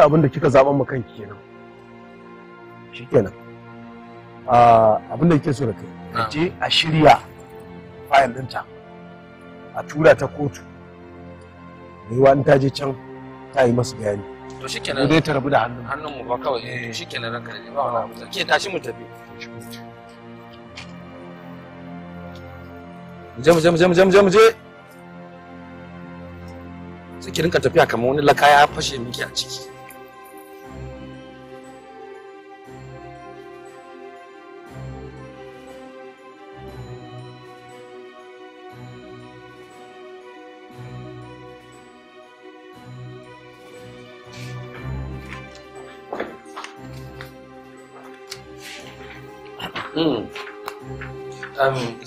da abin da kika zaɓa ma kanki kenan shikenan ah, abin da kike so da kai je a shirya fayil ɗinta a tura ta kotu yiwuwa in ta je can ta yi masu bayani to kenan dai ta rabu da hannun hannun mu ba kawai eh, shi kenan ranka ne ba wani abu ke tashi mu tafi mu je mu je mu je mu je mu je mu je sai ki rinka tafiya kamar wani laka ya fashe miki a ciki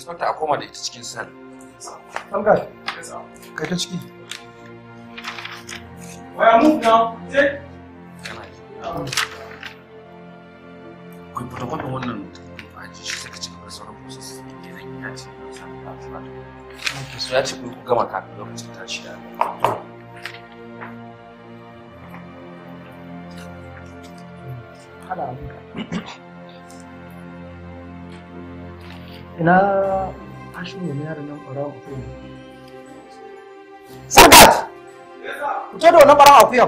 tsafta a koma da ita cikin sal. Kamgar, kai ta ciki. Waya move now, take. Kai fara kwana wannan a ji shi saka cikin ci da sauran process da zan ya ce ba sa da ba. So ya ce ku gama kafin lokacin tashi da. Hada abinka. ina ashin na yaran nan ɓarawa mutum sagat ku ce da wani ɓarawa hmm.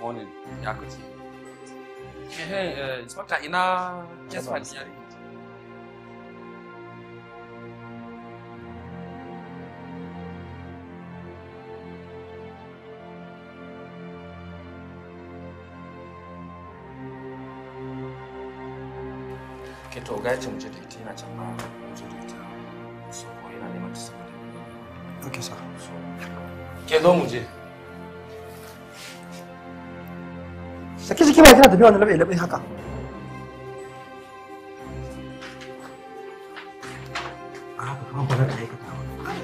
Morning, ya eh, eh, Inspector ina ke to gaci mu je da ita yana can ba mu je da ita so ko yana neman ta saboda okay ke zo mu je saki jiki ba kina tafiya labe labe haka a ba kuma ba ta aikata ba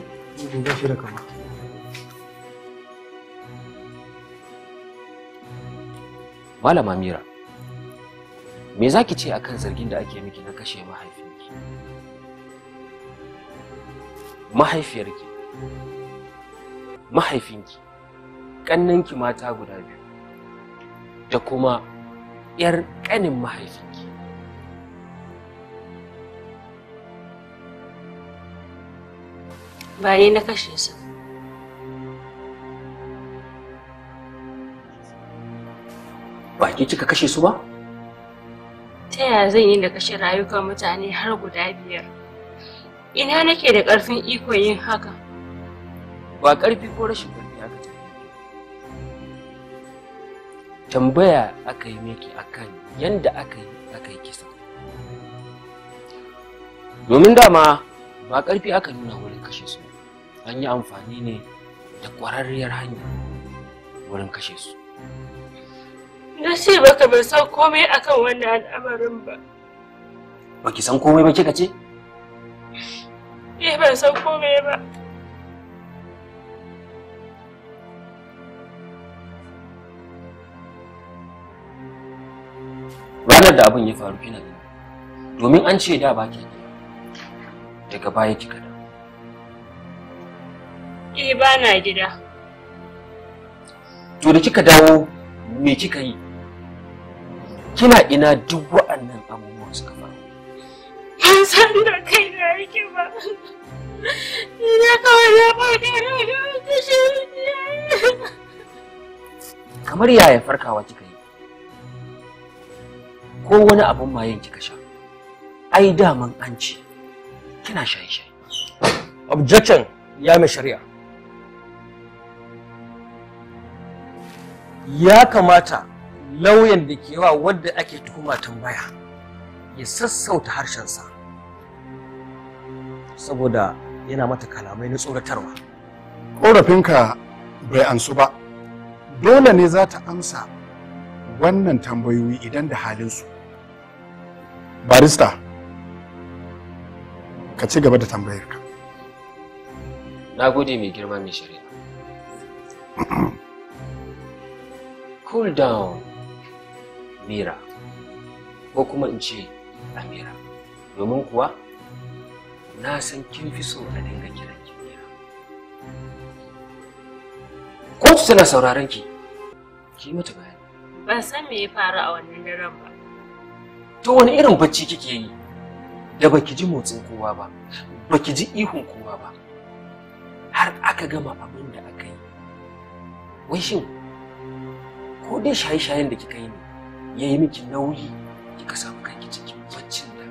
ni shi da kama Malama Mira, me za ki ce a kan zargin da ake miki na kashe mahaifinki mahaifiyarki mahaifinki ƙannanki mata guda biyu da kuma 'yar ƙanin mahaifinki ba ni na kashe su ba ki kika kashe su ba? yaya zan yi da kashe rayukan mutane har guda biyar ina nake da ƙarfin iko yin haka ba ƙarfi ko rashin ƙarfi aka tambaya aka yi miki akan yanda aka yi aka yi kisa domin dama ba ƙarfi aka nuna wurin kashe su an yi amfani ne da ƙwararriyar hanya wurin kashe su Na ce baka ban san komai akan wannan al'amarin ba. Baki san komai ba kika ce? Eh ban san komai ba. Ranar da abin ya faru kina domin an ce da baki daga baya kika da. Eh ba na gida. To da kika dawo me kika yi? kina ina duk wa'annan abubuwan suka faru ban san da kai na yake ba ina kawai ya faɗi kamar yaya farkawa kika yi ko wani abun mayen kika sha ai daman an ce kina shaye-shaye objection ya mai shari'a ya kamata lauyan da ke wa wadda ake tuhuma tambaya ya sassauta harshensa saboda yana mata kalamai na tsoratarwa ƙorafinka bai ansu ba dole ne za ta amsa wannan tambayoyi idan da halinsu barista ka ci gaba da tambayarka na gode mai girma mai shari'a cool down mira ko kuma in ce amira domin kuwa na san kin fi so a dinga kiran ki mira ko tana sauraron ki ki mata bayani ban san me ya faru a wannan daren ba to wani irin bacci kike yi da baki ji motsin kowa ba baki ji ihun kowa ba har aka gama abin da aka yi wai shin ko dai shaye-shayen da kika yi ne ya yi miki nauyi kika samu kanki cikin baccin da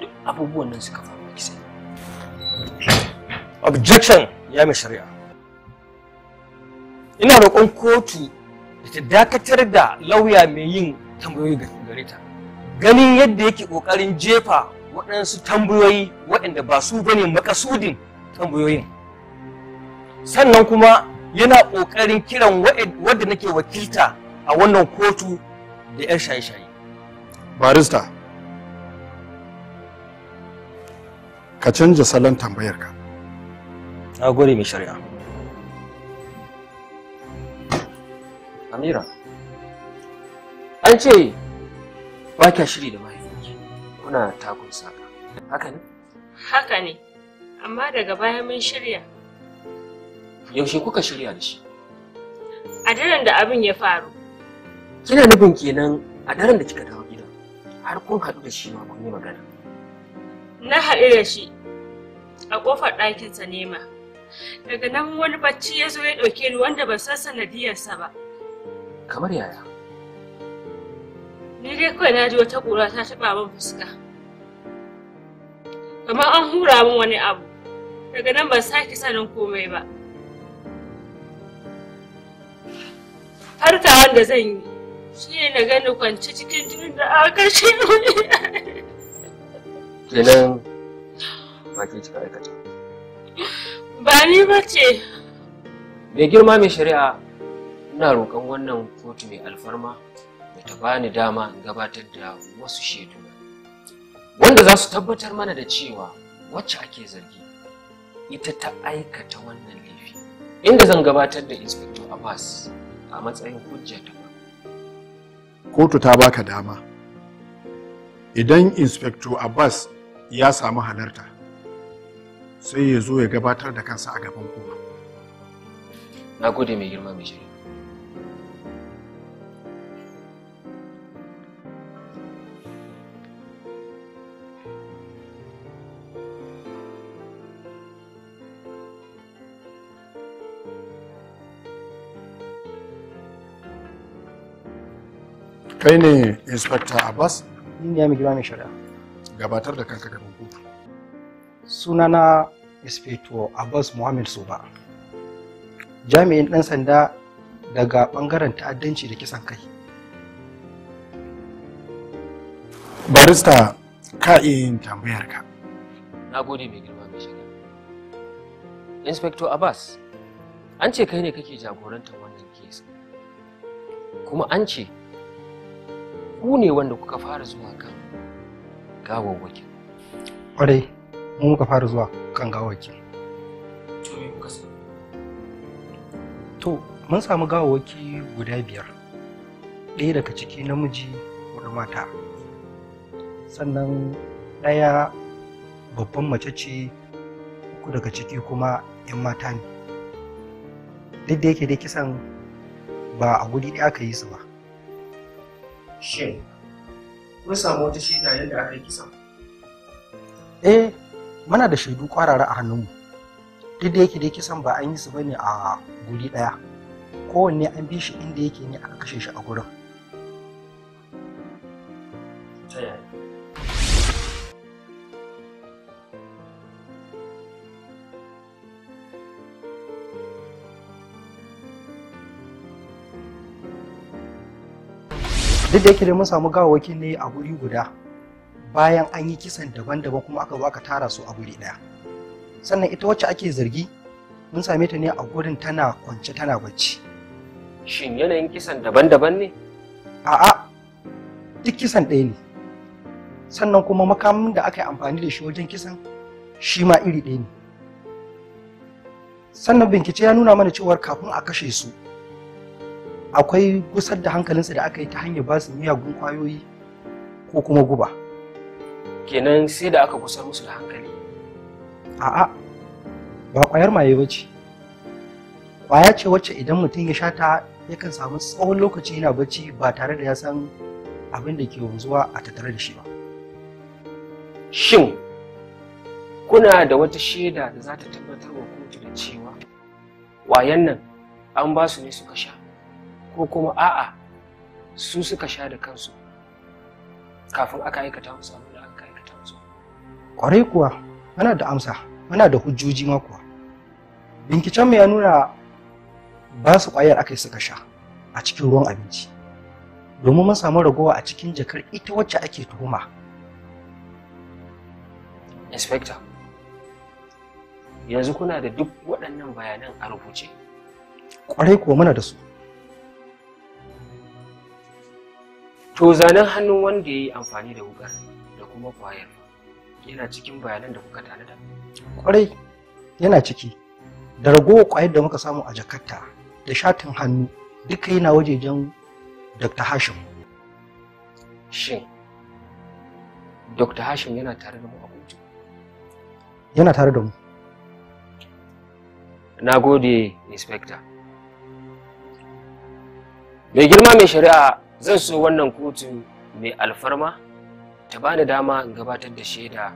duk abubuwan nan suka faru ki sai objection ya mai shari'a ina roƙon kotu da ta dakatar da lauya mai yin tambayoyi gare ta ganin yadda yake ƙoƙarin jefa waɗansu tambayoyi waɗanda ba su bane makasudin tambayoyin sannan kuma yana ƙoƙarin kiran wadda nake wakilta a wannan kotu da 'yar shaye-shaye. Barista, ka canja salon tambayarka. Na gode mai shari'a. Amira, an ce ba kya shiri da mahaifinki kuna takun saka. Haka ne? Haka ne, amma daga baya mun shirya. Yaushe kuka shirya da shi? A daren da abin ya faru. kina nufin kenan a daren da kika dawo gida har kun haɗu da shi ma kun yi magana na haɗu da shi a ƙofar ɗakinsa nema daga nan wani bacci ya zo ya ɗauke ni wanda ban san sanadiyarsa ba kamar yaya ni dai kawai na ji wata ƙura ta taɓa min fuska kamar an hura min wani abu daga nan ban sake sanin komai ba farkawan da zan yi shi na gani kwance cikin jinin da aka kashe wani kenan ba ke cika aikata ba ni ba ce mai girma mai shari'a ina roƙon wannan kotu mai alfarma da ta bani dama in gabatar da wasu shaidu wanda za su tabbatar mana da cewa wacce ake zargi ita ta aikata wannan laifi inda zan gabatar da inspector abbas a matsayin hujja ta kotu ta baka dama idan inspector abbas ya samu halarta sai ya zo ya gabatar da kansa a gaban kowa na gode mai girma mai shari'a kai ne inspector abbas ni ne mai girma mai shari'a gabatar da kanka gaban kotu sunana inspector abbas muhammad soba jami'in ɗan sanda daga ɓangaren ta'addanci da kisan kai barista ka iya yin tambayar ka na gode mai girma mai shari'a inspector abbas an ce kai ne kake jagorantar wannan kesa kuma an ce ku ne wanda kuka fara zuwa kan gawawwakin ƙwarai mu muka fara zuwa kan gawawwakin to me kuka to mun samu gawawwaki guda biyar ɗaya daga ciki namiji wani mata sannan ɗaya babban mace ce uku daga ciki kuma 'yan mata ne duk da yake dai kisan ba a guri ɗaya aka yi su ba shin kuma samu wata shaida yadda aka yi kisan eh muna da shaidu kwarara a hannunmu duk da yake da kisan ba an yi su bane a guri ɗaya kowanne an bi shi inda yake ne aka kashe shi a gurin da yake da mun samu gawawaki ne a guri guda bayan an yi kisan daban-daban kuma aka zo aka tara su a guri ɗaya sannan ita wacce ake zargi mun same ta ne a gurin tana kwance tana bacci shin yanayin kisan daban-daban ne a'a duk kisan ɗaya ne sannan kuma makamin da aka yi amfani da shi wajen kisan shi ma iri ɗaya ne sannan bincike ya nuna mana cewar kafin a kashe su akwai gusar da hankalinsa da aka yi ta hanyar ba su miyagun kwayoyi ko kuma guba kenan sai da aka gusar musu da hankali a'a ba kwayar maye ba ce kwaya ce wacce idan mutum ya sha ta yakan samu tsawon lokaci yana bacci ba tare da ya san abin da ke wanzuwa a tattare da shi ba shin kuna da wata shaida da za ta tabbatar wa kotu da cewa wayan nan an ba su ne suka sha ko kuma a'a su suka sha da kansu kafin aka aikata musu abin da aka aikata musu kwarai kuwa ana da amsa ana da hujjoji ma kuwa binciken mu ya nuna ba su kwayar aka suka sha a cikin ruwan abinci domin mun samu ragowa a cikin jakar ita wacce ake tuhuma inspector yanzu kuna da duk waɗannan bayanan a rubuce kwarai kuwa muna da su to zanen hannun wanda ya yi amfani da wukar da kuma kwayar yana cikin bayanan da kuka da kwarai yana ciki da ragowar kwayar da muka samu a jakarta da shatin hannu duka yana wajejen dr hashim shin dr hashim yana tare da mu a yana tare da mu na gode inspector mai girma mai shari'a zan so wannan kotu mai alfarma ta ba da dama gabatar da shaida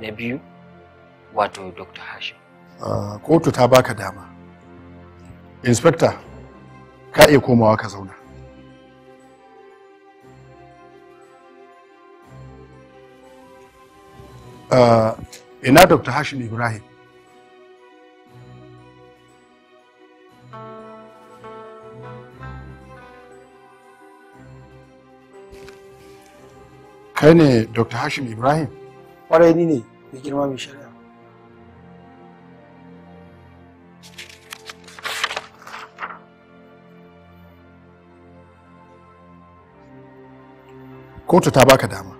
na biyu wato dr hashim kotu ta baka dama inspector ka iya komawa ka zauna ina dr hashim ibrahim kai ne dr hashim ibrahim kwarai ni ne mai girma mai shari'a kotu ta baka dama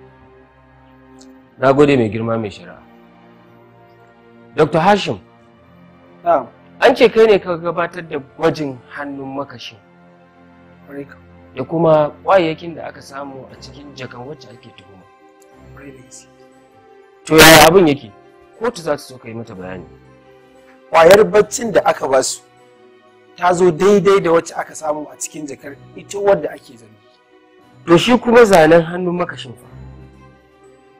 na gode mai girma mai shari'a dr hashim an ce kai ne ka gabatar da gwajin hannun makashin da kuma kwayayyakin da aka samu a cikin jakan wacce ake tuhuma. To yaya abin yake? Kotu za ta so ka yi mata bayani. Kwayar baccin da aka basu ta zo daidai da wacce aka samu a cikin jakar ita wadda ake zargi. To shi kuma zanen hannun makashin fa.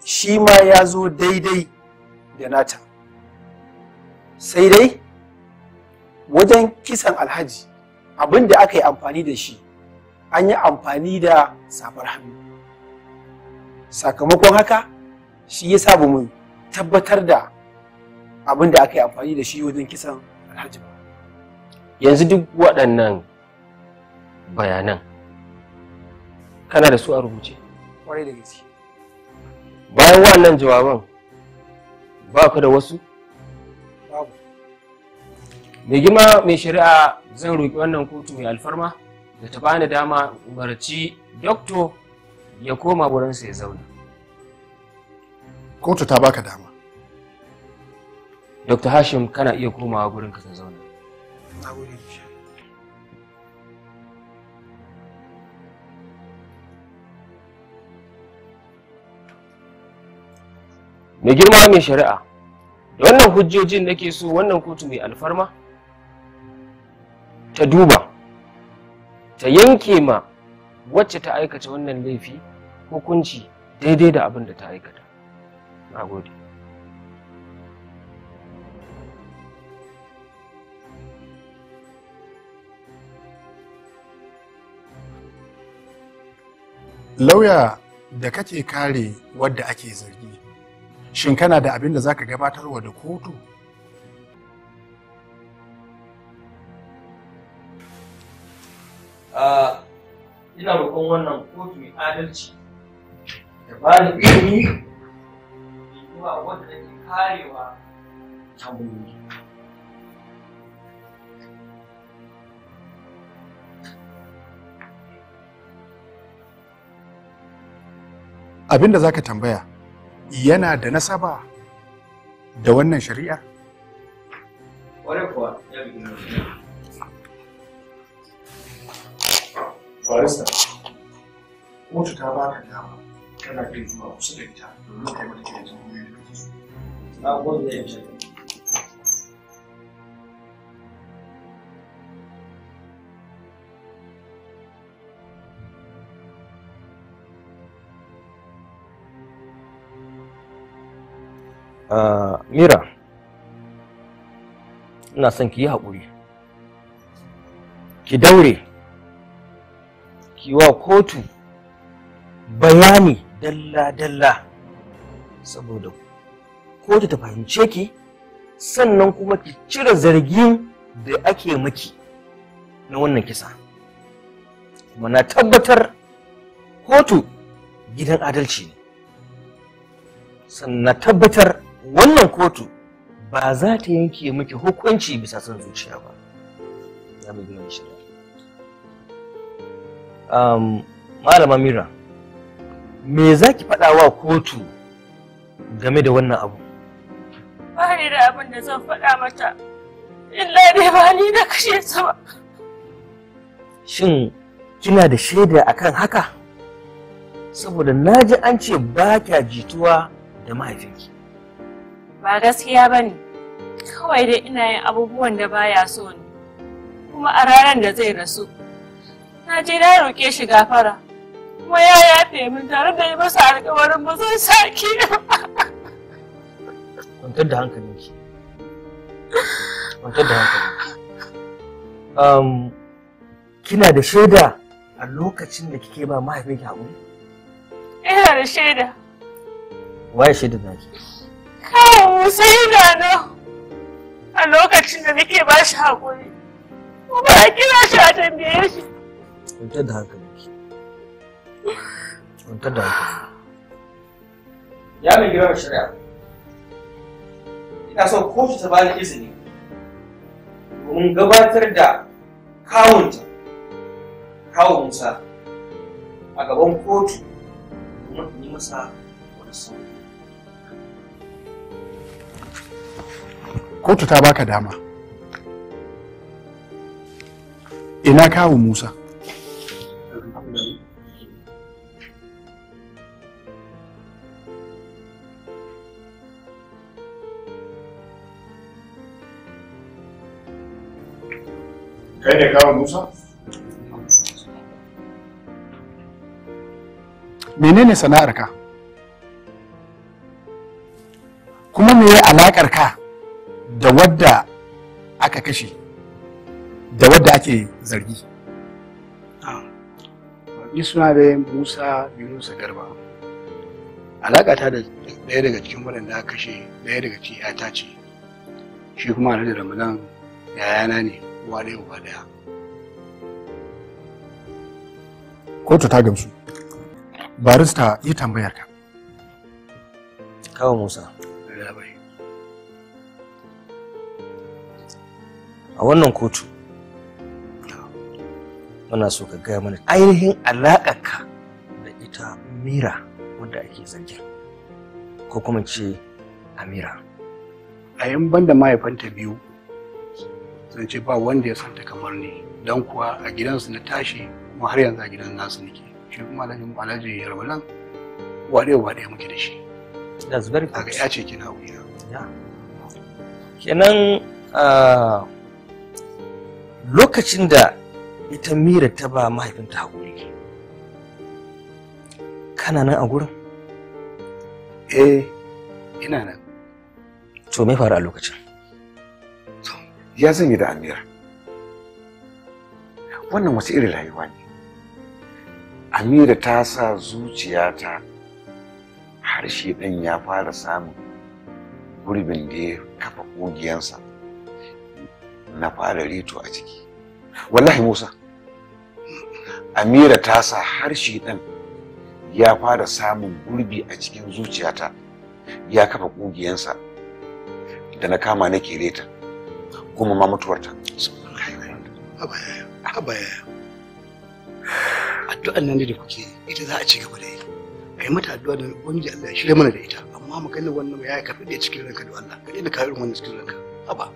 Shi ma ya zo daidai da nata. Sai dai wajen kisan alhaji abin da aka yi amfani da shi an yi amfani da safar hannu sakamakon haka shi ya sa mu tabbatar da abin da aka yi amfani da shi wajen kisan alhaji yanzu duk waɗannan bayanan kana da su a rubuce kwarai da gaske bayan waɗannan jawaban ba ku da wasu babu mai gima mai shari'a zan roƙi wannan kotu mai alfarma da ta bani dama umarci doktor ya koma wurinsa ya zauna. Kotu ta baka dama. Dr. Hashim kana iya komawa gurin ka ta zauna. Me Mai girma mai shari'a, da wannan hujjojin nake so wannan kotu mai alfarma ta duba. ta yanke ma wacce ta aikata wannan laifi hukunci daidai da abin da ta aikata na lauya da kake kare wadda ake zargi shin kana da abin da za ka gabatarwa da kotu ina roƙon wannan kotu mai adalci da ba ni ilimi da kuma wanda nake karewa tambayoyi abin da za ka tambaya yana da nasaba da wannan shari'ar? Ware kuwa, ya bi Farisa, kotu ta ba ka zuwa da ita domin kai da Na da Uh, ah, Mira, ina son ki yi haƙuri, ki daure wa kotu bayani dalla-dalla saboda kotu ta fahimce ki sannan kuma ki cire zargin da ake maki na wannan kisa kuma na tabbatar kotu gidan adalci ne sannan tabbatar wannan kotu ba za ta yanke miki hukunci bisa son zuciya ba za mu um, malama mira me za ki faɗa wa kotu game da wannan abu ba ni da abin da zan faɗa mata illa dai ba ni na kashe ta ba shin kina da shaida akan haka saboda na ji an ce ba kya jituwa da mahaifinki ba gaskiya ba ne kawai dai ina yin abubuwan da baya so ne kuma a ranar da zai rasu na je na roƙe shi gafara kuma ya yafe min tare da yi masa alƙawarin ba zan sake kwantar da hankalinki kwantar da hankalinki um, kina da shaida a lokacin da kike ba mahaifinki haƙuri ina da shaida waye shaida ki kawo sai da nan a lokacin da nake ba shi haƙuri kuma kina kira shi a tambaye shi kwantar da hankalinki kwantar da hankalinki ya mai girma shari'a ina son kotu ta bani izini domin gabatar da kawunta kawun musa a gaban kotu domin in yi masa wani sauri kotu ta baka dama ina kawo musa menene sana'ar ka menene sana'arka kuma me ya alakar ka da wadda aka kashe da wadda ake zargi ah, ni suna da musa yunusa garba alaƙata da ɗaya daga cikin waɗanda aka kashe ɗaya daga cikin ta ce shi kuma da ramadan yayana ne wane uba daya kotu ta gamsu barista yi tambayar ka kawo musa a wannan kotu muna so ka gaya mana ainihin alaƙarka da ita mira wadda ake zargin ko kuma ce amira a yan banda mahaifanta biyu zance ba wanda ya santa kamar ni don kuwa a gidansu na tashi kuma har yanzu a gidan nasu nake shi kuma alhaji alhaji yarbalan waɗe waɗe muke da shi that's very good aka yace kina wuya kenan ah, lokacin da ita mira ta ba mahaifinta hakuri kana nan a gurin eh ina nan to me faru a lokacin ya zanyi da amira wannan wasu irin rayuwa ne amira ta sa zuciyata harshe ɗin ya fara samun gurbin da ya kafa ƙugiyansa na fara rito a ciki wallahi musa amira ta sa harshe ɗin ya fara samun gurbi a cikin zuciyata ya kafa ƙugiyansa da na kama nake reta. goma ma mutuwarta addu'an nan da kuke ita za a ci gaba da yi a yi mata addu'a da ubangiji Allah ya shirya mana da ita amma maganar wannan ya kafin da cikin ranka da Allah ka daina kawo wannan cikin ranka haba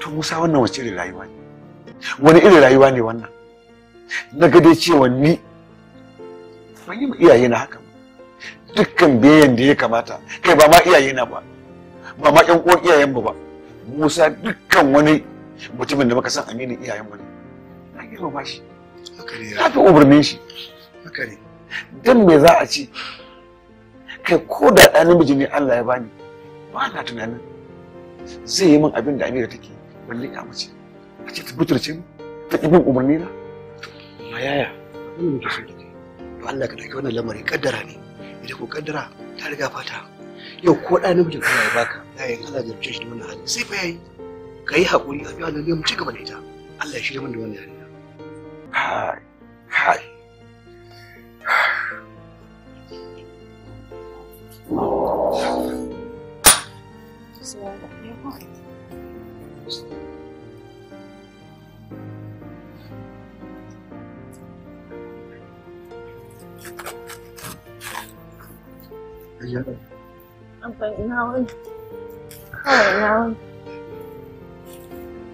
to Musa wannan wace irin rayuwa ne wani irin rayuwa ne wannan na ga dai cewa ni ban yi ma iyaye na haka ba dukkan biyayen da ya kamata kai ba ma iyaye na ba ba ma ƴan uwan iyayen ba Musa dukkan wani mutumin da muka san aminin iyayen mu ne. Na ba shi. Haka Na fi umarnin shi. Dan me za a ce kai ko da ɗan namiji ne Allah ya bani ba na tunanin zai yi min abin da Amira take balle ya mace a ce ta buturce mu ta ibin umarni na ma yaya da to Allah ka dauki wannan lamari kaddara ne idan ko kaddara ta riga fata yau ko ɗan namiji ne ya baka yayin Allah da hali sai fa yayi ka yi haƙuri a fiye mu ci gaba da ita Allah ya shirya da wannan hali hai hai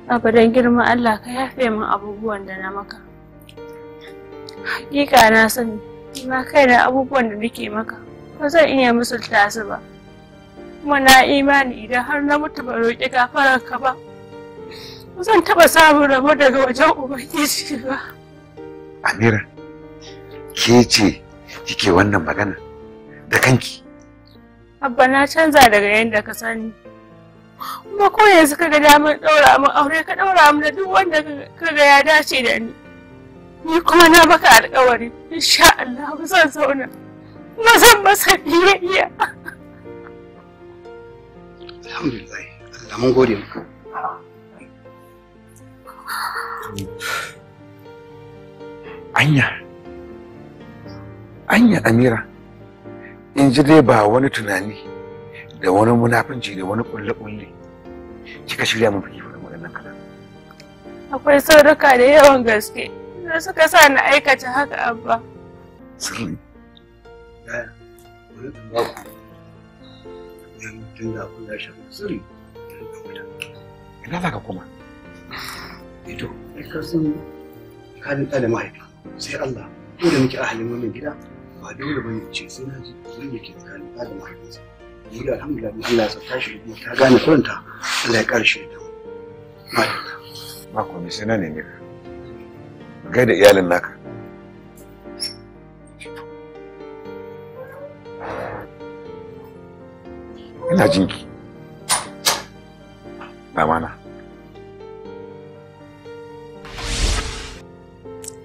abadan girma Allah ka yafe min abubuwan da na maka hakika na sani na kaina abubuwan da nake maka ba zan iya misalta su ba kuma na imani idan har na mutu ba roƙi ka ba ba zan taɓa samun rabo daga wajen ubangiji ba amira ke ce kike wannan magana da kanki abba na canza daga yadda ka sani kuma ko yanzu kaga damar ɗaura min aure ka ɗaura mun da duk wanda kaga ya dace da ni ni kuma na baka alƙawari insha Allah ba zan zauna na zan masa biyayya alhamdulillah Allah mun gode maka anya anya amira in ji dai ba wani tunani da wani munafunci da wani kulle-kulle kika shirya mun fiki wurin waɗannan kalan akwai sauruka da yawan gaske da suka sa na aikata haka abba sirri yaya wani ɗan ba ku yan tun da abin da sirri ina za ka kuma Ito. ai ka san halin ɗa da mahaifa sai Allah ko da muke ahalin wannan gida ba dole bane ce sai na ji zan yake tsakanin ɗa da mahaifinsa yi alhamdulillah Allah ya sauka shi ta gane kuranta Allah ya karshe ta mu ba ku ne sai na nemi ka gai da iyalin naka ina jinki ba mana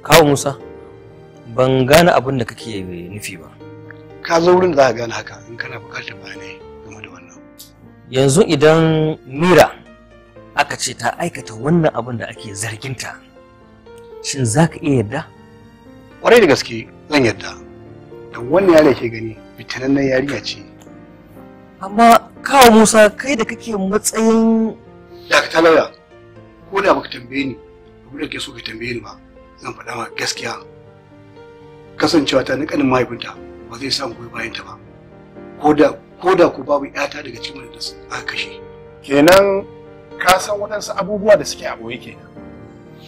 kawo musa ban gane abin da kake nufi ba ka zo wurin da za ka gane haka in kana bukatar bayanai game da wannan yanzu idan mira aka ce ta aikata wannan abin da ake zarginta shin za ka iya yarda kwarai da gaske zan yarda Dan wannan yare ke gani fitinannen yariya ce amma kawo musa kai da kake matsayin Dakta Lawyer, ko da baka tambaye ni abin da ke so ka tambaye ni ba zan faɗa ma gaskiya kasancewa ta nikanin mahaifinta ba zai samu goyi bayan ta ba ko da ku babu yata daga cikin wanda aka kashe kenan ka san waɗansu abubuwa da suke a boye kenan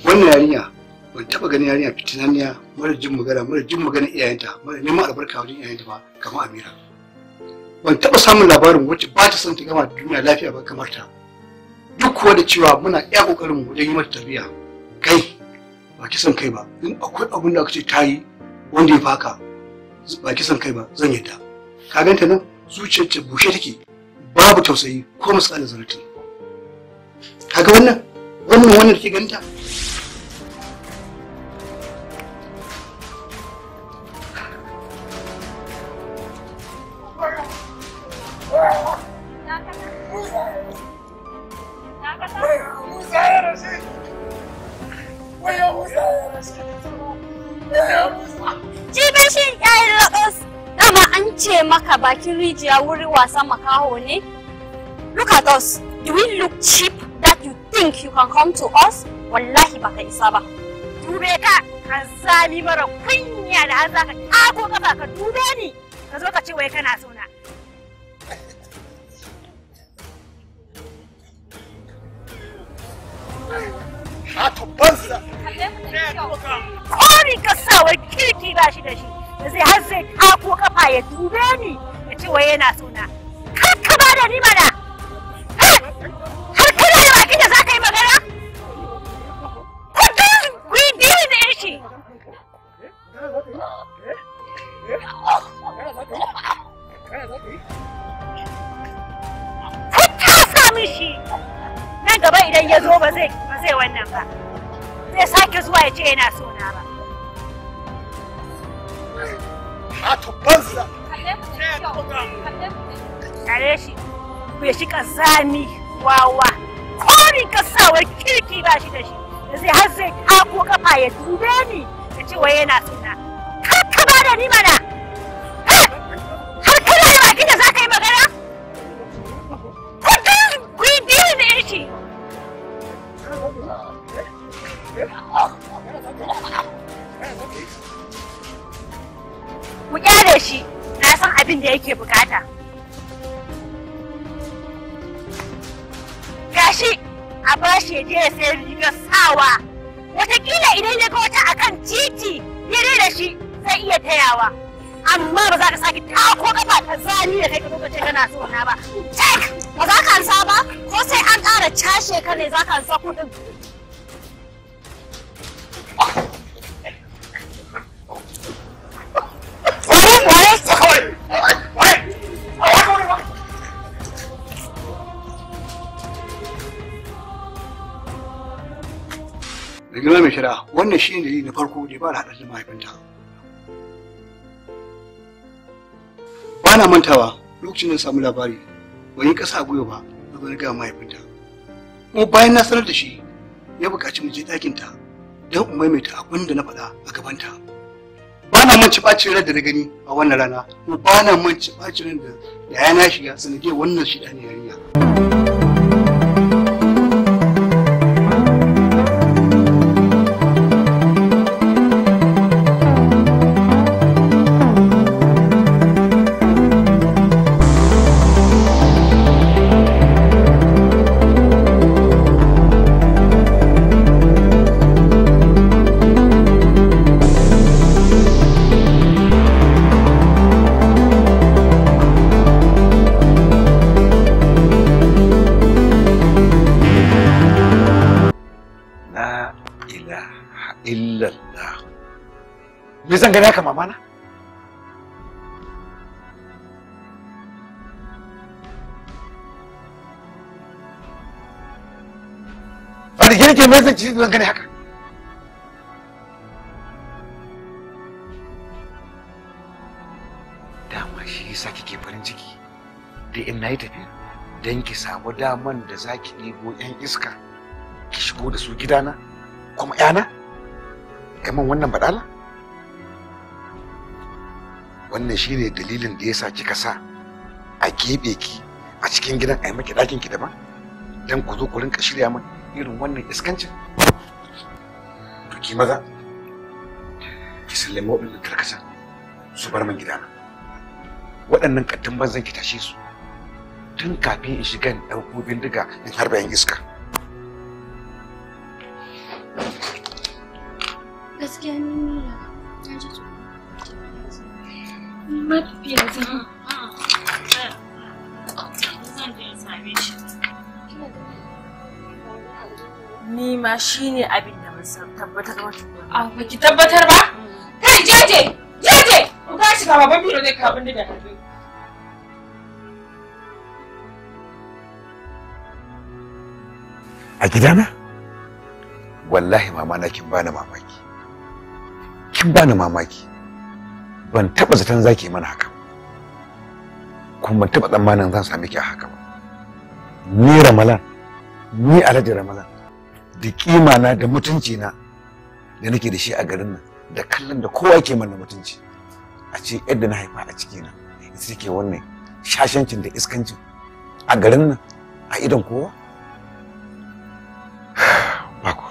wannan yarinya ban taba ganin yarinya fitinaniya mara jin magana mara jin magana iyayenta mara neman albarka wajen iyayenta ba kamar amira ban taba samun labarin wacce ba ta son ta gama duniya lafiya ba kamar ta duk kuwa da cewa muna iya kokarin mu wajen yi mata tarbiyya kai ba ki son kai ba in akwai abin da aka ce ta yi wanda ya faka ba kisan kai ba zan yadda ka ganta nan zuciyar ta bushe take babu tausayi ko misalin zaratin kaga wannan wannan wannan ke ganta Jibe shi Dama an ce maka bakin rijiya wuri wasan makaho ne. Look at us. Do we look cheap that you think you can come to us? Wallahi ba ka isa ba. Dube ka, azzali mara kunya da an zaka kago kafa ka dube ni. Ka zo ka ce wai kana so na. Thank you. katon banza kirki ba shi da shi da sai har sai tako kafa ya dube ni ya ce wai yana suna kar ka ba da ni har kana da baki da za ka yi magana kudin gwidi ne shi Kuta sami shi! gaba idan ya zo ba zai wannan ba zai sake zuwa ya ce yana so na ba Ato banza! Kare shi, ya shi ƙazami wawa, ƙorin kasawar kirki ba shi da shi, da zai har zai kako kafa ya dube ni ya ce cewa yana suna. Kar ka ba da ni mana! Har kana da baki da za ka yi magana? Kudin kuidiyar da Ku kyale shi, na san abin da yake bukata. Gashi a bashi ya je ya sayar rigar sawa, idan ya ga wata akan titi ya da shi sai iya tayawa. amma ba za ka sake ko kafa ta zani ya kai ka ce kana so na ba cek ba za ka ansa ba ko sai an ƙara cashe ka ne za ka ansa kuɗin Rigima mai shari'a wannan shi ne na farko da ba da haɗar da mahaifinta. ba mantawa lokacin da samu labari ban yi kasa gwiwa ba na zo ga mahaifinta kuma bayan na sanar da shi ya buƙaci mu je ɗakinta don in maimaita abin da na faɗa a gabanta ba na manci ɓacin ran da na gani a wannan rana kuma ba na manci ɓacin ran da yayana shiga sanadiyar wannan shi ɗan yarinya. zan gani haka mamana a da ke mai zan ci zan gani haka dama shi yasa kike farin ciki da in nayi tafiya don ki samu daman da za ki ɗebo 'yan iska ki shigo da su gidana kuma 'yana? Kaman wannan badala? wannan shine dalilin da yasa kika sa a keɓe ki a cikin gidan a yi maki ɗakin ki daban dan ku zo ku rinka shirya min irin wannan iskancin to ki maza ki sallame da tarkacen su bar min gidana waɗannan kattun banzan ki tashe su tun kafin in shiga in ɗauko bindiga in harba yan iska gaskiya ni ne na ji Ma tafiya zan. Ni ma shine abin da ban san tabbatar wata. A ah, ba ki tabbatar ba? Kai jeje! Jeje! Ku tashi ka baban biro ne ka abin da da a gidana? Wallahi mama na kin bani mamaki. Kin bani mamaki. ban taba zaton zaki mana haka kuma ban taɓa tsammanin zan sami ki a haka ba ni ramalan ni alhaji ramalan da kima na da mutunci na da nake da shi a garin nan da kallon da kowa ke mana mutunci a ce yadda na haifa a ciki na sai ke wannan shashancin da iskancin a garin nan a idon kowa bako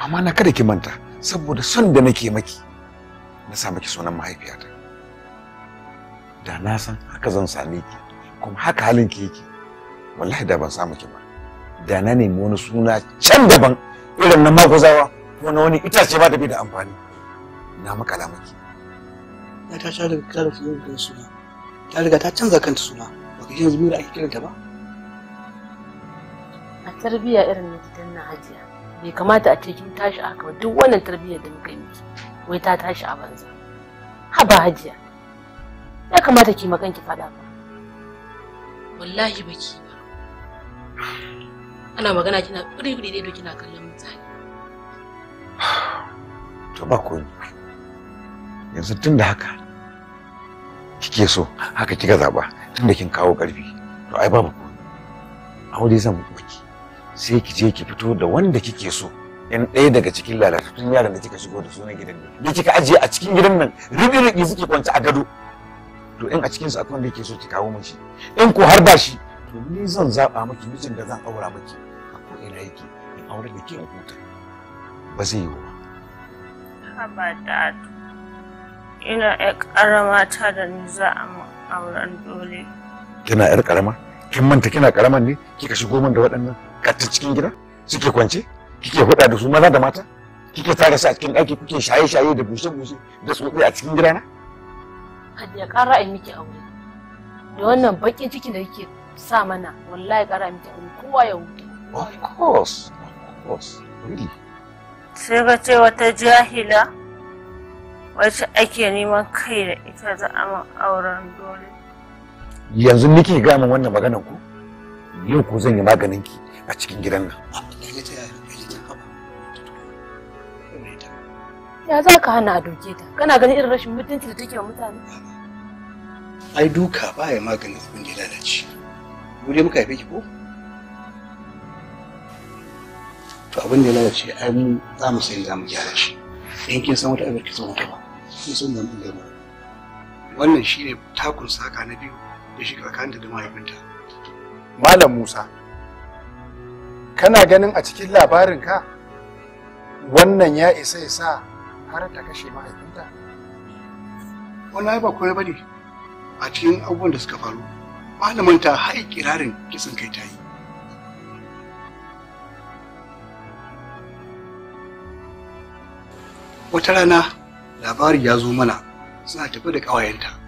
amma na kada ki manta saboda son da nake maki na sa miki sunan mahaifiyata da na san haka zan same ki kuma haka halin ki yake wallahi da ban samu ki ba da na nemi wani suna can daban irin na maguzawa ko na wani itace ba da bi da amfani na makala miki na ta share ta rufe yin suna ta riga ta canza kanta suna ba ka yanzu mura ake kiranta ba a tarbiyya irin na gidan na hajiya bai kamata a ce kin tashi aka duk wannan tarbiyyar da muka yi miki wai ta tashi a banza haba hajiya ya kamata ki makan ki fada ba wallahi baki ba ana magana kina buri-buri dai kina kallon mutane to ba ko yanzu tun da haka kike so haka kika zaba tun da kin kawo karfi to ai babu ko aure zan muku sai ki je ki fito da wanda kike so in ɗaya daga cikin lalatattun yaran da kika shigo da su na gidan nan da kika ajiye a cikin gidan nan ribi ribi suke kwance a gado to in a cikin su akwai wanda yake so ki kawo mun shi in ko har ba shi to ni zan zaba miki mijin da zan aura miki a ko ina yake in aure da ke a huta ba zai yi ba haba da ina yar karama ta da ni za a auren dole kina yar karama kin manta kina karaman ne kika shigo min da waɗannan katin cikin gida suke kwance kike huda da su maza da mata kike tare su a cikin ɗaki kuke shaye-shaye da bushe-bushe da su a cikin gidana? Hadiya ƙara a miki aure. Da wannan baƙin ciki da kike sa mana wallahi ƙara miki aure kowa ya wuce. Of course, of course, really. Sai ka ce wata jahila wacce ake neman kai da ita za a man auren dole. Yanzu nake gaya min wannan maganan ku? Yau ko zan yi maganin ki a cikin gidan nan. ya za ka hana a doke ta kana ganin irin rashin mutunci da take wa mutane ai duka ba ya maganin abin da ya lalace gure muka haife ki ko to abin da ya lalace ai mu za mu sai za mu gyara shi in kin san wata abin ki san wata ba kin san nan din gaba wannan shine takun saka na biyu da shi kakanta da mahaifinta malam Musa kana ganin a cikin labarin ka wannan ya isa ya sa farar ta kashe mahaifinta Wala ba koyi bane a cikin abubuwan da suka faru malaman ta har kirarin kisan kai ta yi wata rana labari ya zo mana suna tafi da ƙawayenta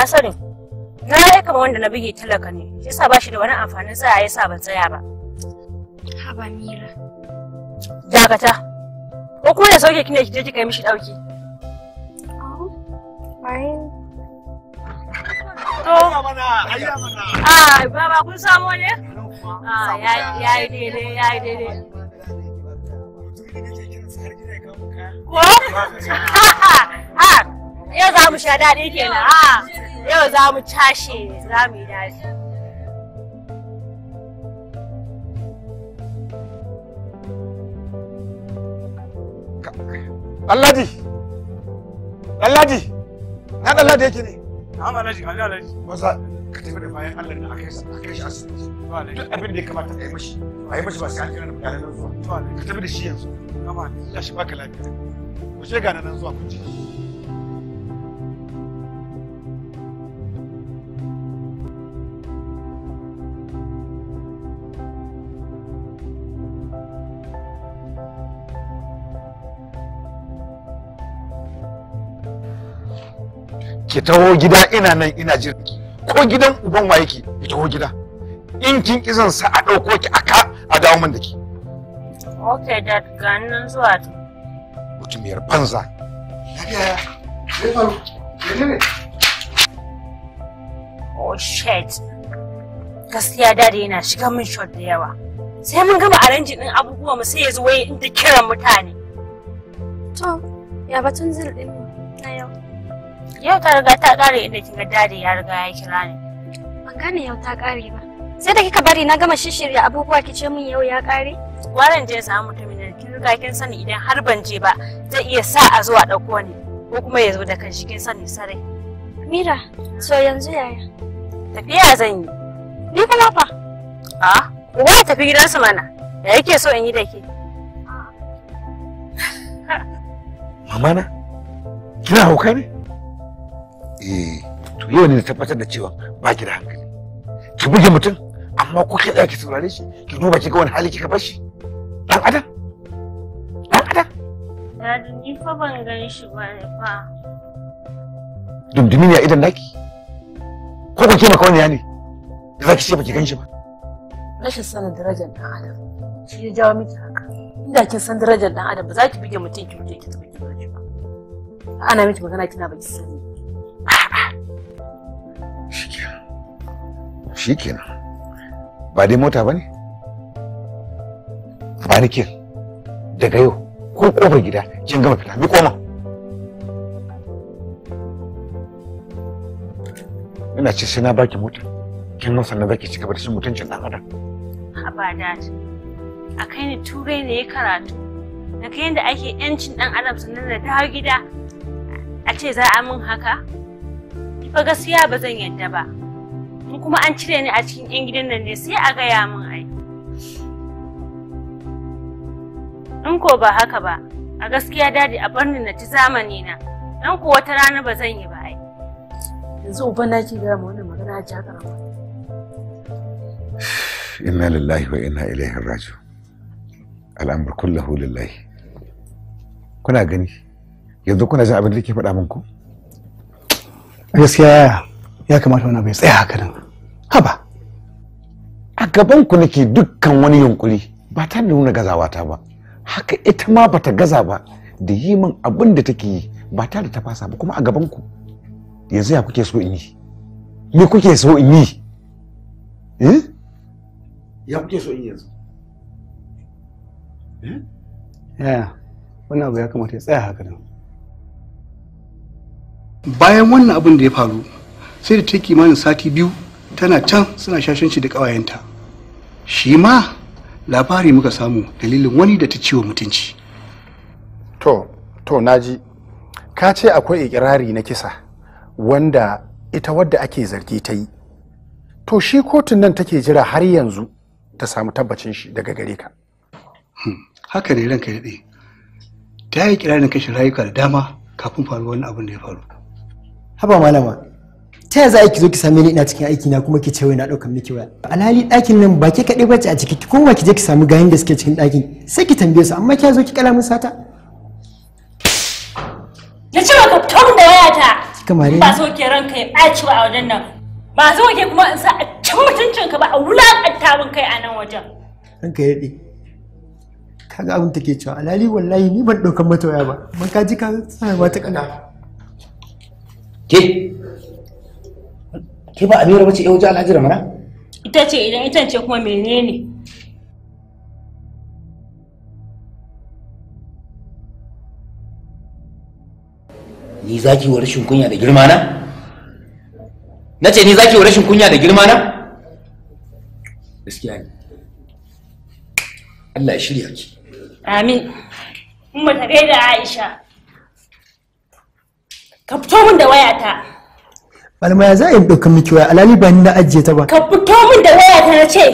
na na yi kama wanda na bige talaka ne shi sa ba da wani amfanin tsaya ya sa ban tsaya ba haba mira dakata ko kuma ya sauke kina ki kika yi mishi dauki to baba kun ne a yayi daidai yayi daidai ko ha ha ya za mu sha daɗi kenan yau za mu cashe za mu yi daji Alladi! Alladi! Na ɗan ladi yake ne? Na Alhaji, Ali Alhaji. Wasa, ka tafi da bayan Allah da aka kai shi asibiti. Duk abin da ya kamata a yi mashi, a yi mashi ba sai an kira da bayanan zuwa. Ka tafi da shi yanzu. Kama, ya shi baka lafiya. Ku ce ga nan zuwa kun ji. ki taho gida ina nan ina jirgin ko gidan uban wa yake ki taho gida in kin kizan sa a dauko ki aka a dawo min da ki okay dad ga nan zuwa mutumiyar banza Oh shit. Gaskiya dad yana shiga min shot da yawa. Sai mun gama arrange din abubuwa mu sai ya zo wai inda kiran mutane. To, ya batun zil din Yau ta riga ta ƙare inda kika dadi ya riga ya kira ni. Ban gane yau ta ƙare ba. Sai da kika bari na gama shishirya abubuwa ki ce min yau ya ƙare? Waran je samu mutumin da kin riga kin sani idan har ban je ba zai iya sa a zo a ɗauko ni ko kuma ya zo da kanshi kin sani sarai. Mira, so yanzu yaya? Tafiya zan yi. Ni kuma fa? A? Uba tafi gidansu mana. Da yake so in yi da ke. Mamana, kina hauka ne? eh to yau ne na tabbatar da cewa ba ki da hankali ki buge mutum amma ku ki ki saurare shi ki duba ki ga wani hali kika bar shi dan adam dan adam Dadu ni fa ban gan shi ba ne fa dumdumi ne a idan naki ko ku ce maka wani ya ne da za ki ce ba ki gan shi ba rashin sanin darajar dan adam shi ya jawo miki haka inda kin san darajar dan adam ba za ki buge mutum ki wuce ki tafi ki ba ana miki magana kina ba ki san shikenan shikenan ba dai mota ba ne ba ni daga yau ko kofar gida kin gama fita mi koma ina ce sai na baki mota kin nan sannan zaki cigaba da cin mutuncin dan adam haba dad a kai ni turai ne ya karatu na kai yadda ake yancin dan adam sannan da ta gida a ce za a min haka Ba gaskiya ba zan yadda ba. In kuma an cire ni a cikin 'yan gidan nan ne sai a gaya min ai. In ko ba haka ba, a gaskiya dadi a barni na ci zamani na. Dan ko wata rana ba zan yi ba ai. Yanzu uba na ki gaya wannan magana ta karama. Inna lillahi wa inna ilaihi raji'un. Al'amur kullahu lillahi. Kuna gani? Yanzu kuna jin abin da ke faɗa min ko? gaskiya ya kamata wani bai tsaya haka nan haba a gaban ku nake dukkan wani yunkuri ba ta nuna gazawa ta ba haka ita ma bata gaza ba da yi min abin da take yi ba ta da ta fasa ba kuma a gaban ku yanzu ya kuke so in yi me kuke so in yi eh ya kuke so in yanzu eh ya wannan abu ya kamata ya tsaya haka nan bayan wannan abin da ya faru sai da ta kimanin sati biyu tana can suna shashanci da ƙawayenta shi ma labari muka samu dalilin wani da ta ciwo mutunci to to naji ka ce akwai ikirari na kisa wanda ita wadda ake zargi ta yi to shi kotun nan take jira har yanzu ta samu tabbacin shi daga gare ka hmm, haka ne ranka daɗe ta yi kirarin kashin rayuka da dama kafin faruwar abin da ya faru haba malama ta za ki zo ki same ni ina cikin aiki na kuma ki ce wai na daukan miki waya alhali ɗakin nan ba ke kaɗai bace a ciki ki koma ki je ki samu gayin da suke cikin ɗakin sai ki tambaye su amma ki zo ki kala min sata na ce ka tom da wayata kamar ba so ke ranka ya ɓaci ba a wajen nan ba so ke kuma in sa a ci mutuncin ka ba a wulakanta min kai a nan wajen ranka ya daɗe kaga abin take cewa alhali wallahi ni ban ɗaukan mata waya ba man ka ji ka sa ta kana ke ke ba amira bace ya wuce alhaji ramana ita ce idan ita ce kuma menene ni zaki wa rashin kunya da girma na na ce ni zaki wa rashin kunya da girma na gaskiya ne Allah ya shirya ki amin Mun tare da Aisha ka fito min da wayata balma ya za in ɗauka miki waya alali ba ni na ajiye ta ba ka fito min da wayata na ce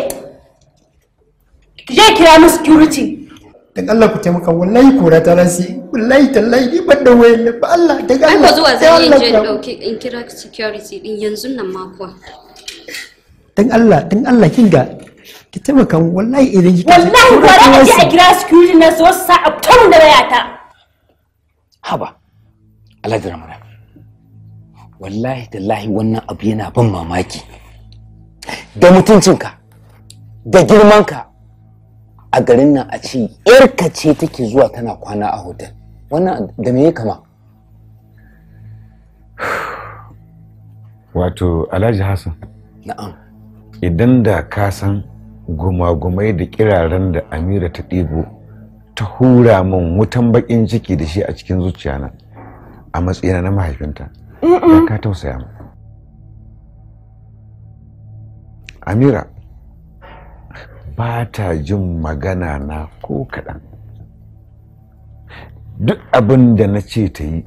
ki je kira mu security dan Allah ku taimaka wallahi kora ta rasi wallahi tallahi ni ban da wayan ba Allah dan Allah ai zuwa zan je dauke in kira security din yanzu nan ma kuwa dan Allah dan Allah kinga ki taimaka wallahi idan ki wallahi ko za ka a kira security na so sa a tun da wayata haba Allah da ramana wallahi tallahi wannan abu yana ban mamaki da mutuncinka da girmanka a garin nan a ce yarka ce take zuwa tana kwana a hotel wannan da me kama wato alhaji hassan na'am idan da ka san gumagumai da kiraren da amira ta ɗebo ta hura min wutan baƙin ciki da shi a cikin zuciyana a matsayina na mahaifinta ka tausaya amira bata jin magana na ko kaɗan duk abin da na ce ta yi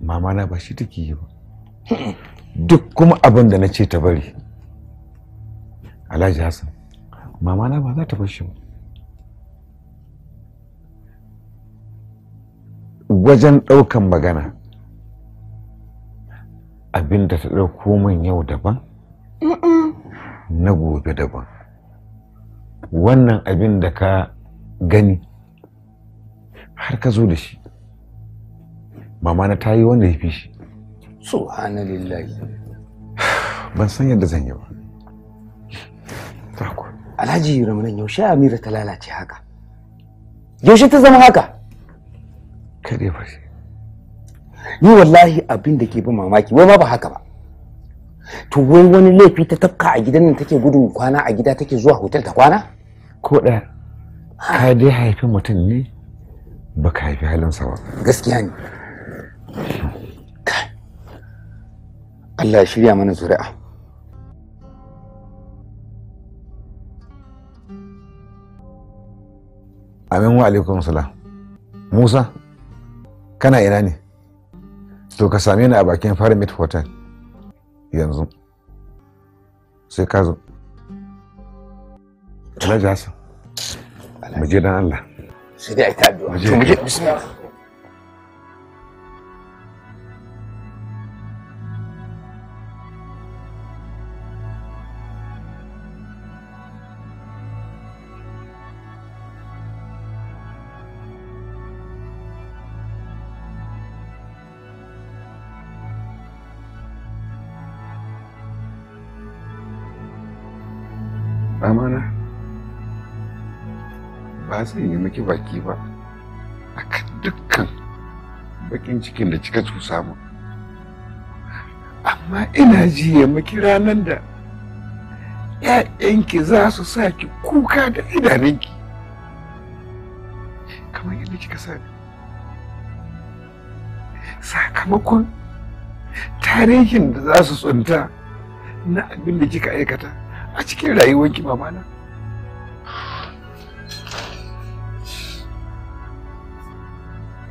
mama na ba shi take yi ba duk kuma abin da na ce ta bari alhaji hassan mama na ba za ta bar shi ba wajen ɗaukan magana abin da ta ɗauko min yau daban na gobe daban wannan abin da ka gani har ka zo da shi mama na ta yi wanda ya fi shi subhanallahi ban san yadda zan yi ba alhaji ramadan yaushe amira ta lalace haka yaushe ta zama haka kare fashe ni wallahi abin da ke bin mamaki wai ma ba haka ba to wai wani laifi ta tafka a gidan nan take gudun kwana a gida take zuwa hotel ta kwana ko da ka dai haifi mutum ne ba ka haifi halinsa ba gaskiya ne Allah ya shirya mana zuri'a amin wa alaikum salam musa kana ina ne to ka same ni a bakin Pyramid Hotel yanzu sai ka zo mu je dan Allah sai dai ai ta mu je bismillah an ne miki baki ba a kan dukkan bakin cikin da kika cusa samu amma ina ji ya maki ranar da ‘ya'yanki za su sa ki kuka da idanunki kamar yadda kika sani sakamakon tarihin da za su tsunta na abin da kika aikata a cikin rayuwarki mamana.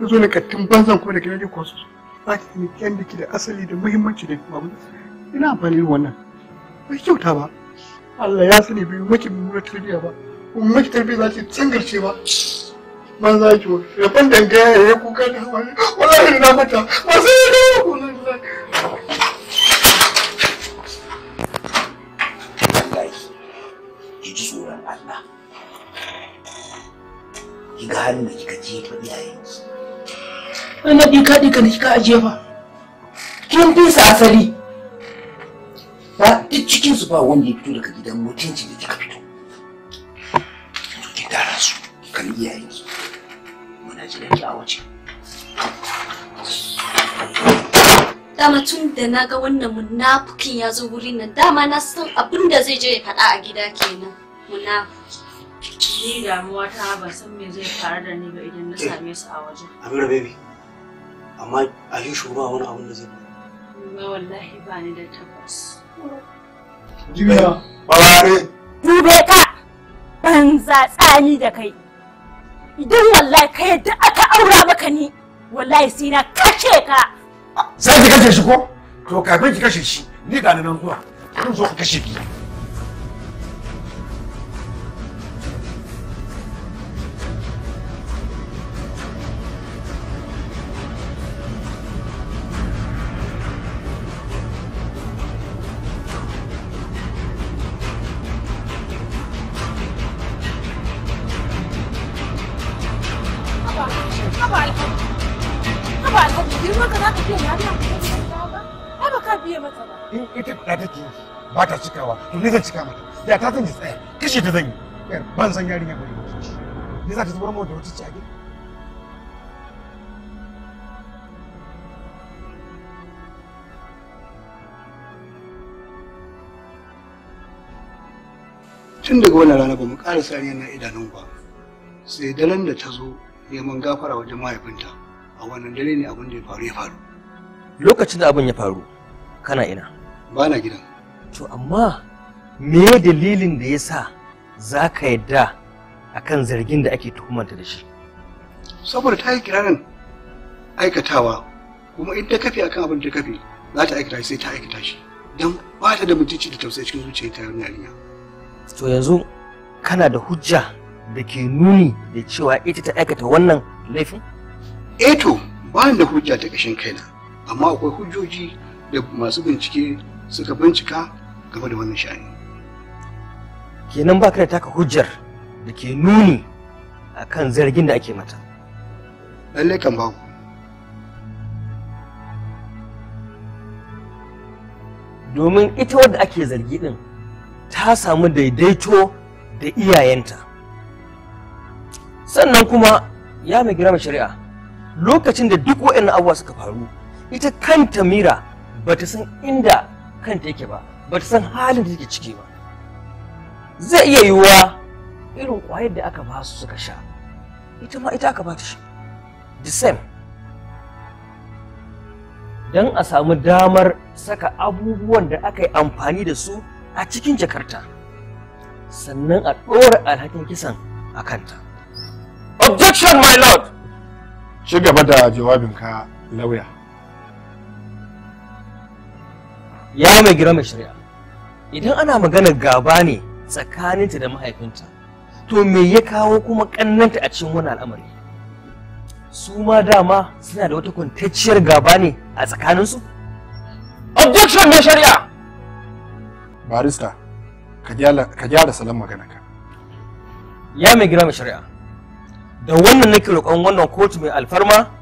na zo na kattun banzan kuma da kina je su za ki ne kyan da ke da asali da muhimmanci da babu ina amfani da wannan bai kyauta ba Allah ya sani bai maki mura tarbiyya ba kuma maki tarbiyya za ki tsangarce ba ban za ki rabon dangaya ya yi kuka da hawaye wallahi na mata ba sai ya dawo wallahi ki ji tsoron Allah ki ga halin da kika jefa iyayen na ɗika ɗika da kika ajiye ba kin fi sa asali ba duk cikin su ba wanda ya fito daga gidan mutunci da kika fito ki tara su kan iyayen su muna jiran ki a waje dama tun da na ga wannan munafukin ya zo wurin nan dama na san abin da zai je ya faɗa a gida kenan munafuki ni damuwa ta ba san me zai faru da ni ba idan na same su a wajen. Amira baby. amma a yi shura wani abin da zai faru ba wallahi ba ni da tabbas jibiya bare dube ka banza da kai idan wallahi ka yadda aka aura maka ni wallahi sai na kashe ka sai ki kashe shi ko to kafin ki kashe shi ni ga nan zuwa zo ku kashe ki to ni zan cika mata ya ta zan ji tsaya kashe ta zan yi ban san yarinya ba ni za ta zubar mu da wata cage tun daga wannan rana ba mu ƙara sariyar na idanun ba sai daren da ta zo neman gafara wajen mahaifinta a wannan dare ne abin da ya faru ya faru lokacin da abin ya faru kana ina ba na gidan to amma me ya dalilin da ya sa za ka yadda a kan zargin da ake tuhumanta da shi saboda ta yi kirarin aikatawa kuma in ta kafe akan abin da kafe za ta aikata sai ta aikata shi don ba ta da mutunci da tausayi cikin zuciya ta yarinya to yanzu kana da hujja da ke nuni da cewa ita ta aikata wannan laifin eh to ba da hujja ta kashin kaina amma akwai hujjoji da masu bincike suka bincika game da wannan sha'ani kenan ba ka da taka hujjar da ke nuni a kan zargin da ake mata lalle kan domin ita wadda ake zargi din ta samu daidaito da iyayenta sannan kuma ya mai girma shari'a lokacin da duk waɗannan abuwa suka faru ita kanta mira ba ta san inda kanta yake ba ba ta san halin da take ciki ba zai iya yiwuwa irin kwayar da aka ba su suka sha ita ma ita aka ba ta shi the same don a samu damar saka abubuwan da aka yi amfani da su a cikin jakarta sannan a ɗora alhakin kisan a kanta objection my lord ci gaba da jawabinka lauya ya mai mai shari'a idan ana maganar gaba ne tsakaninta da mahaifinta to me ya kawo kuma kannanta a cikin wani al'amari su ma dama suna da wata kwantacciyar gaba ne a tsakaninsu objection na shari'a barista ka gyara salon ka. ya mai mai shari'a da wannan nake roƙon wannan kotu mai alfarma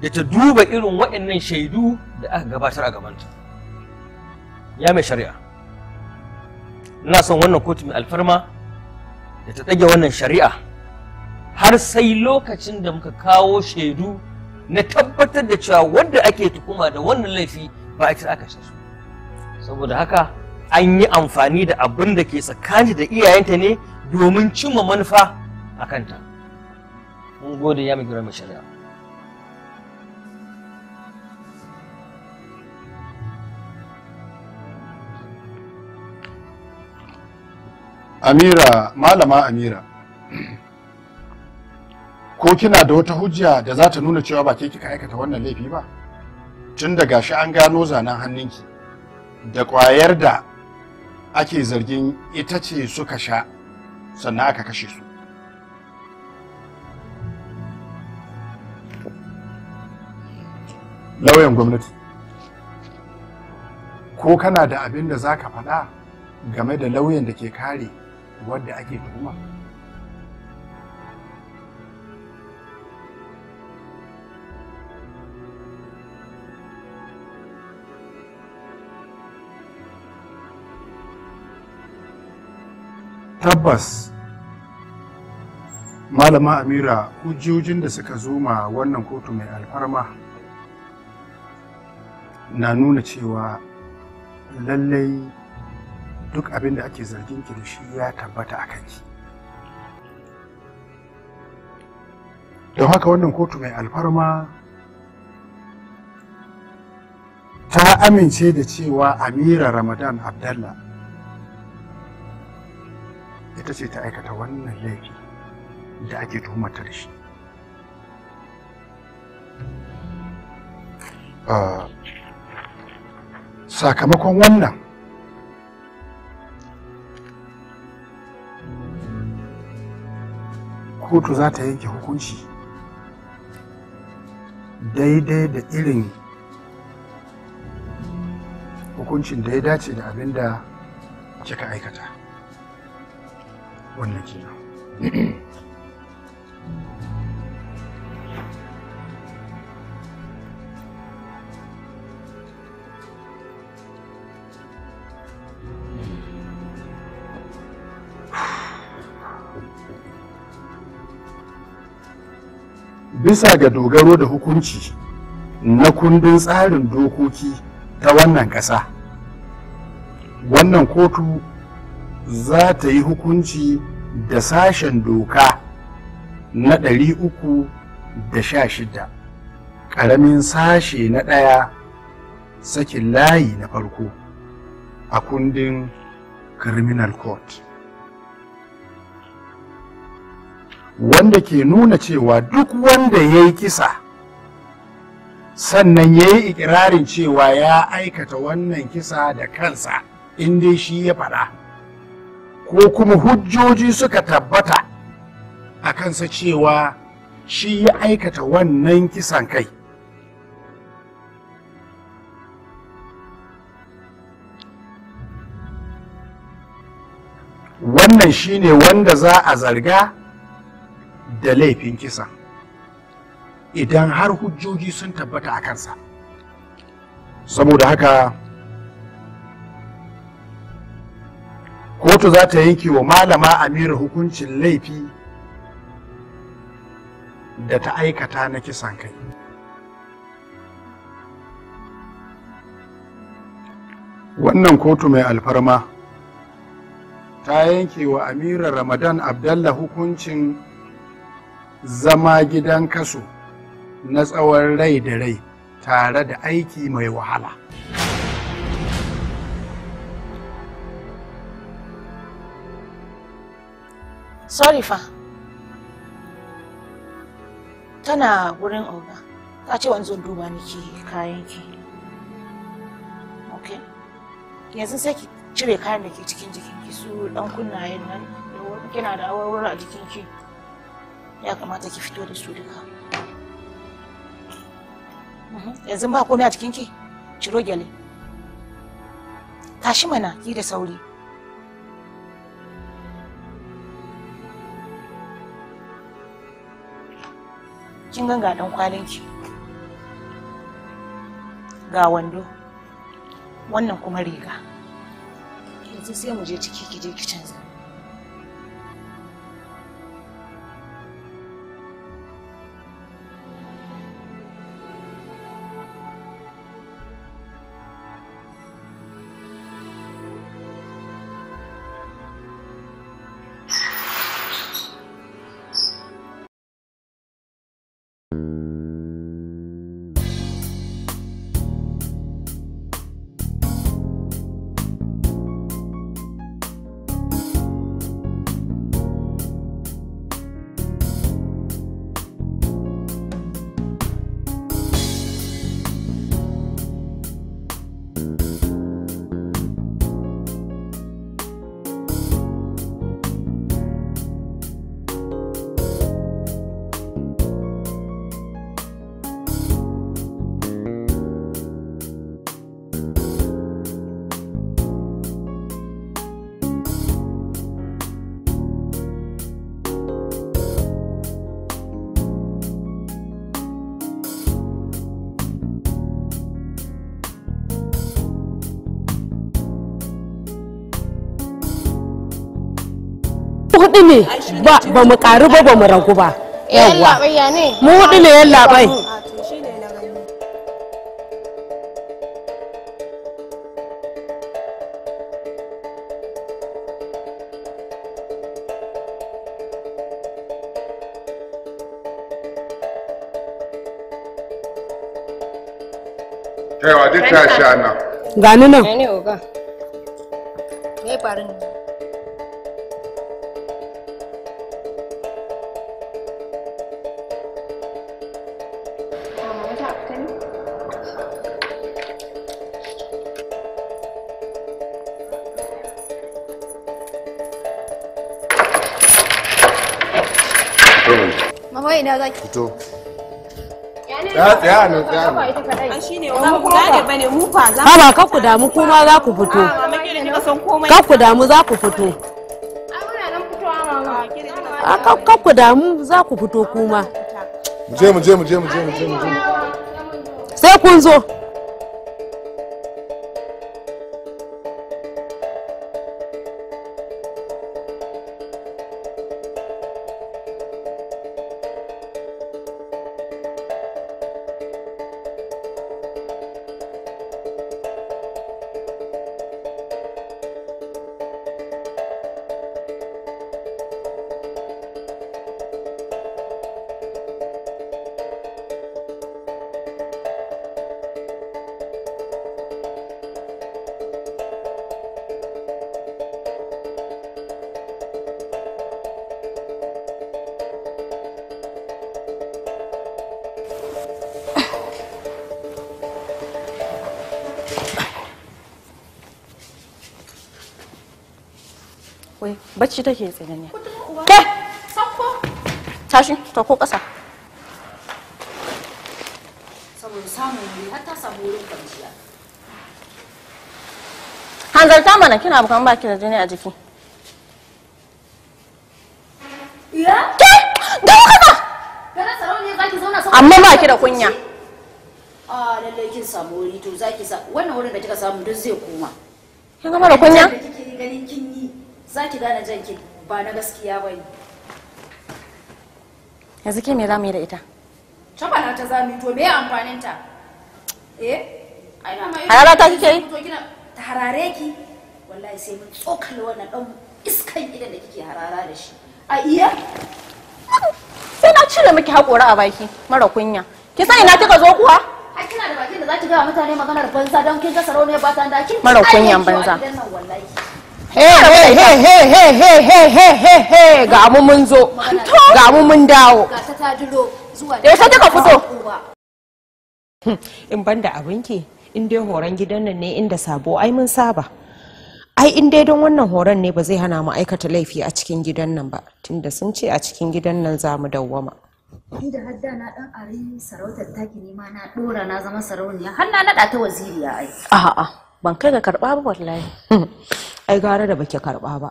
da ta duba irin waɗannan shaidu da aka gabatar a gabanta ya mai shari'a ina son wannan kotu mai alfarma da ta ɗage wannan shari'a har sai lokacin da muka kawo shaidu na tabbatar da cewa wanda ake tukuma da wannan laifi ba a aka shi su saboda haka an yi amfani da abin da ke tsakani da iyayenta ne domin cimma manufa a kanta mun gode ya mai shari'a amira malama amira ko kina da wata hujja da za ta nuna cewa ba ke kika aikata wannan laifi ba tun da gashi an gano zanen hannunki da ƙwayar da ake zargin ita ce suka sha sannan aka kashe su lauyan gwamnati ko kana da abin da za ka faɗa game da lauyan da ke kare wadda ake tuhuma tabbas malama amira hujjojin da suka zuma wannan kotu mai alfarma na nuna cewa lallai duk abin da ake zargin ki da shi ya tabbata a kanki don haka wannan kotu mai alfarma ta amince da cewa amira ramadan abdallah ita ce ta aikata wannan laifi da ake tuhumata da shi ah, sakamakon wannan kotu za ta yanke hukunci daidai da irin hukuncin da ya dace da abin da kika aikata wannan kenan bisa ga dogaro da hukunci na kundin tsarin dokoki ta wannan ƙasa wannan kotu za ta yi hukunci da sashen doka na 316 ƙaramin sashe na ɗaya sakin layi na farko a kundin criminal court wanda ke nuna cewa duk wanda ya yi kisa sannan ya yi ikirarin cewa ya aikata wannan kisa da kansa in dai shi ya faɗa ko kuma hujjoji suka tabbata a kansa cewa shi ya aikata wannan kisan kai wannan shi ne wanda za a zarga da laifin kisa, idan har hujjoji sun tabbata a kansa saboda haka kotu za ta yanke wa malama amira hukuncin laifi da ta aikata na kisan kai wannan kotu mai alfarma ta yanke wa amira ramadan abdallah hukuncin zama gidan kaso na tsawon rai da rai tare da aiki mai wahala. Sorry fa. Tana gurin oga. Ta ce wanzu duba miki kayanki. Okay. Yanzu sai ki cire kayan da ke cikin jikinki su dan kunnayen nan. Kina da awarwara a jikinki. ya kamata ki fito da su duka mhm. yanzu ba komai a cikin ki ciro gyale tashi mana ki da sauri kin ganga dan kwalin ga wando wannan kuma riga yanzu sai mu je ciki ki je ki canza hudu ne ba mu karu ba ba mu ragu ba yawwa mu hudu ne yan labai Kaiwa duk ta sha nan. Gani oga. Me faru ne. ina za ki fito ne mu damu kuma za ku fito kar damu za ku fito damu za ku fito kuma mu je mu je mu je mu je mu je sai kun zo bacci take tsinaniya ke tashi ta ko ƙasa samun wuri har ta wurin kwanciya hanzarta mana kina bukan baki da jini a jiki ya ke ga ka kana tsaron ne zaki zauna saboda amma ki da kunya a ah, lalle kin samu wuri to zaki sa wannan wurin da kika samu duk zai koma kin ga mara kunya za ki gane janki ba na gaskiya ba ne yanzu ke me za mu yi da ita cabana ta za mu yi to me amfanin ta eh harara ta kike yi ta harare ki wallahi sai mun tsokale wannan dan iskan idan da kike harara da shi a iya sai na cire miki haƙora a baki mara kunya ki san ina kika zo kuwa ai kina da bakin da za ki ga mutane maganar banza don kin ga sarauniya ba ta da kin mara kunyan banza ga mu mun zo ga mu mun dawo yaushe ka fito hmm, in banda abinki in dai horon gidan nan ne inda sabo ai mun saba ai in dai don wannan horon ne ba zai hana mu aikata laifi a cikin gidan nan ba tunda sun ce a cikin gidan nan za mu dawwama ni da hadda na dan ari sarautar taki ne ma na dora na zama sarauniya har na nada ta waziriya ai a'a ban kai ga karba ba wallahi hmm. ai gara da baki karba ba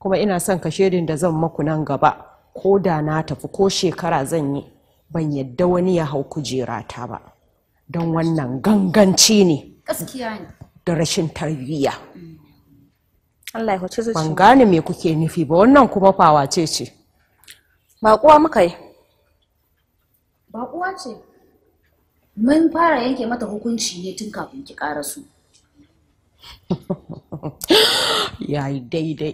kuma ina son ka shedin da zan maku nan gaba ko da na tafi ko shekara zan yi ban yadda wani ya hau kujera ta ba don wannan ganganci ne da rashin tarbiyya Allah ya hoce zuciya ban gane me kuke nufi ba wannan kuma fawa ce ce ba kuwa muka yi ba kuwa ce mun fara yanke mata hukunci ne tun kafin ki karasu su yayi daidai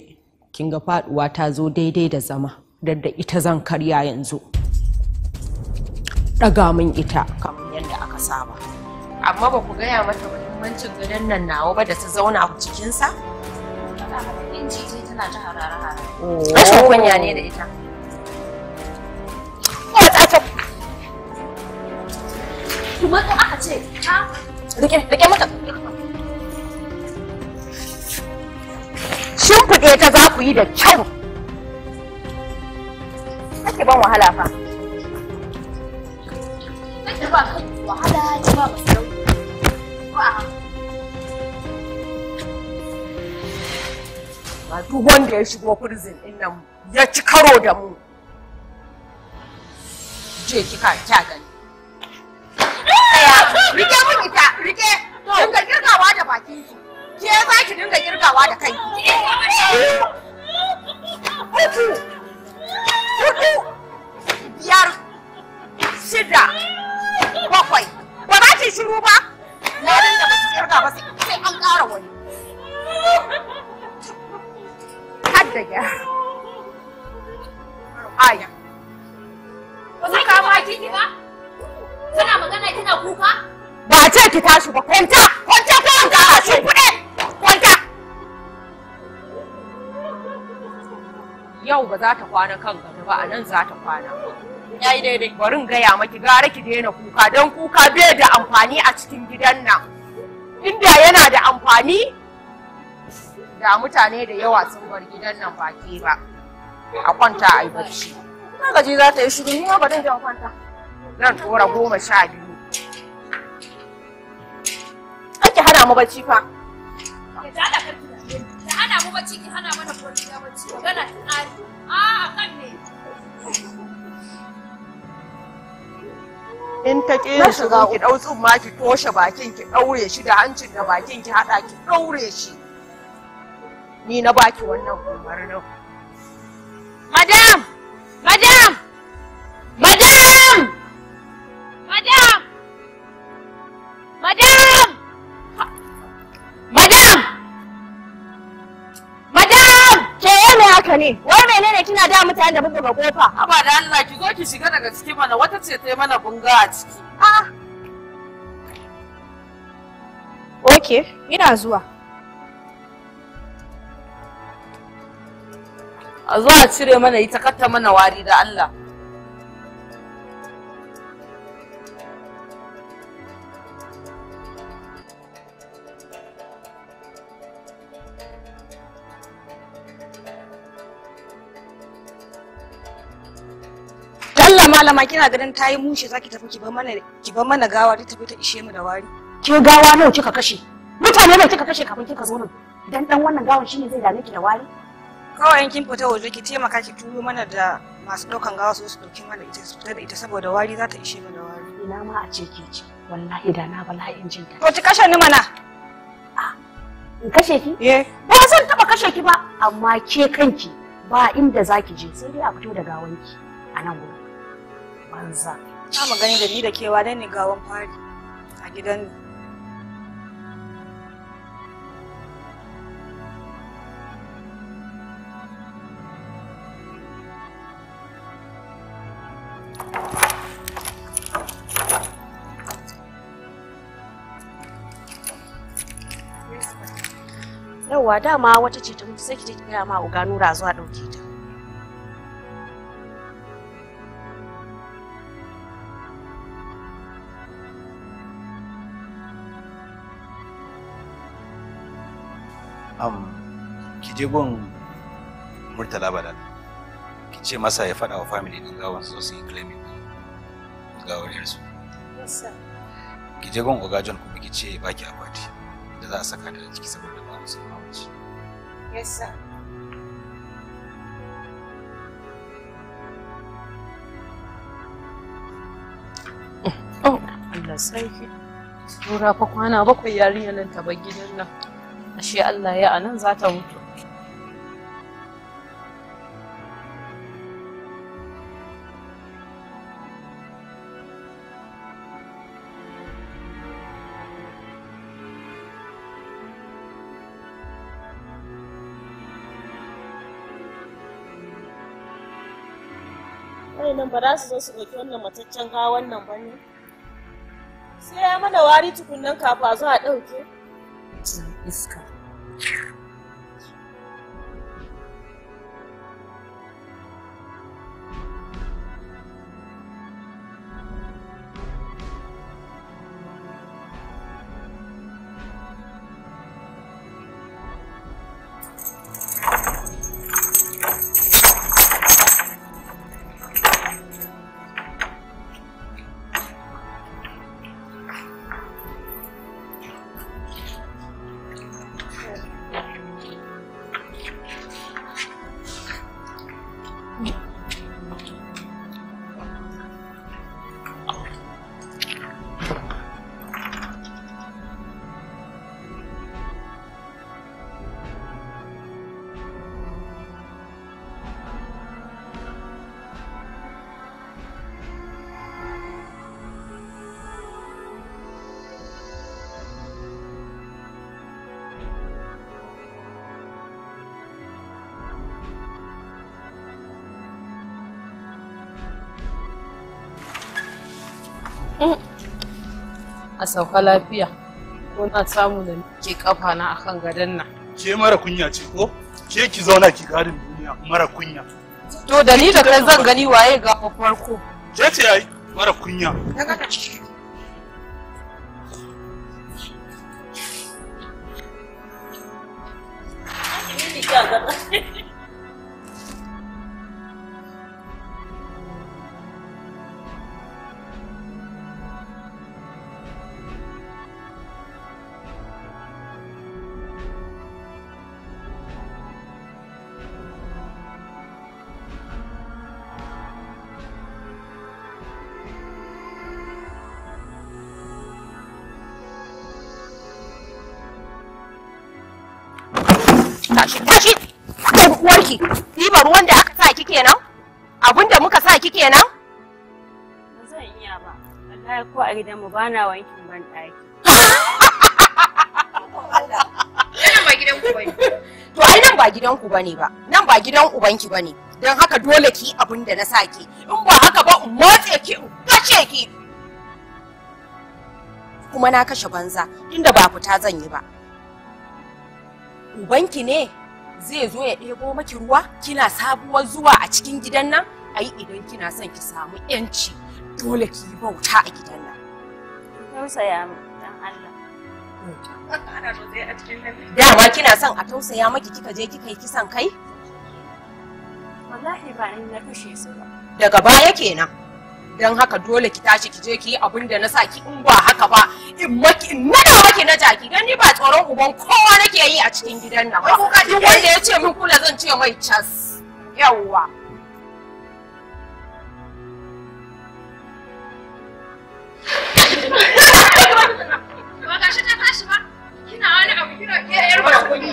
kin ga faduwa ta zo daidai da zama da ita zan karya yanzu ɗaga min ita kamar yadda aka saba amma ba ku gaya mata muhimmancin gidan nan nawa ba da ta zauna a cikinsa tana ta harara rashin ne da ita rike mata ku yi da kyau kake ban wahala fa kake ba wahala ki ba ba duk wanda ya shigo prison din nan ya ci karo da mu je kika ta gani rike mun ita rike dinga girgawa da bakin ki ke za ki dinga girgawa da kanki uku hudu biyar shida za ta kwana kan gado ba a nan za ta kwana ya yi daidai bari in gaya maki gara ki daina kuka don kuka bai da amfani a cikin gidan nan inda yana da amfani da mutane da yawa sun bar gidan nan ba ke ba a kwanta a yi barci na gaji za ta yi shiru ni ma ba zan kwanta zan tura goma sha biyu ake hana mu bacci fa ya ta da karfi da hana mu bacci ki hana mana kwanciya barci bacci magana tsari in ta ƙera shigo ki ɗau tsumma ki toshe bakin ki ɗaure shi da hancin da bakin ki haɗa ki ɗaure shi ni na baki wannan umarnin madam madam madam ka ne wai menene kina da mutane da ga kofa amma da Allah ki zo ki shiga daga ciki mana wata ce ta mana bunga a ciki a ah. okay ina zuwa a zo a cire mana ita katta mana wari da Allah malama kina ganin ta yi mushe zaki tafi ki bar mana ki bar mana gawa ta tafi ta ishe mu da wari ke gawa nawa kika kashe mutane nawa kika kashe kafin kika zo nan dan dan wannan gawan shine zai dame ki da wari kawai kin fita waje ki taimaka ki turo mana da masu daukan gawa su su dauki mana ita su fitar da ita saboda wari za ta ishe mu da wari ina ma a ce ke ce wallahi da na bala in jin ta to ki kashe ni mana in kashe ki eh ba zan taba kashe ki ba amma ke kanki ba inda zaki je sai dai a fito da gawanki a nan gobe. manza. ta magani da ni da kewa dai ne gawan fari a gidan ni. yauwa dama wata ce ta mutu sai ki je ki gaya ma uga nura zuwa ɗauke ta ki je gun murtala badal ki ce masa ya faɗa wa family din gawan su su yi claiming gawar yarsu ki je gun ogajon kuma ki ce ba ki akwati da za a saka da ciki saboda ba musu ba wuce yes sir Oh, Allah sarki. Tura fa kwana bakwai yarinyar nan ta bar gidan nan. shi Allah ya anan za ta mutu nan ba za su zo su ɗauki wannan mataccen gawan nan ba ne sai ya mana wari tukunan kafa zuwa ɗauke iska future. a sauka lafiya na samu da ke kafa na akan gadon nan ke mara kunya ce ko ke ki zauna ki gadin duniya mara kunya to da ni da kai zan gani waye ga farko je ce ai mara kunya ko a mu ba na wankin ban ɗaki. ba gidan ku bane. To ai nan ba gidanku ku bane ba, nan ba gidan ubanki bane ne, don haka dole ki abin da na sa in ba haka ba in motse ki in kashe ki. Kuma na kashe banza, tunda ba fita zan yi ba. Ubanki ne zai zo ya ɗebo maki ruwa, kina sabuwar zuwa a cikin gidan nan, ai idan kina son ki samu 'yanci. dole ki yi bauta a gidan nan. Tausaya mu dan Allah. Dama kina son a tausaya maki kika je kika yi kisan kai? Wallahi ba ni na kashe su ba. Daga baya kenan. Don haka dole ki tashi ki je ki yi abin da na sa ki in ba haka ba in maki in nada maki na jaki don ni ba tsoron uban kowa nake yi a cikin gidan nan. Duk wanda ya ce min kula zan ce mai cas. Yawwa. Ba ga shi ta tashi ba. Kina wani abu kina ke yar ba kuɗi.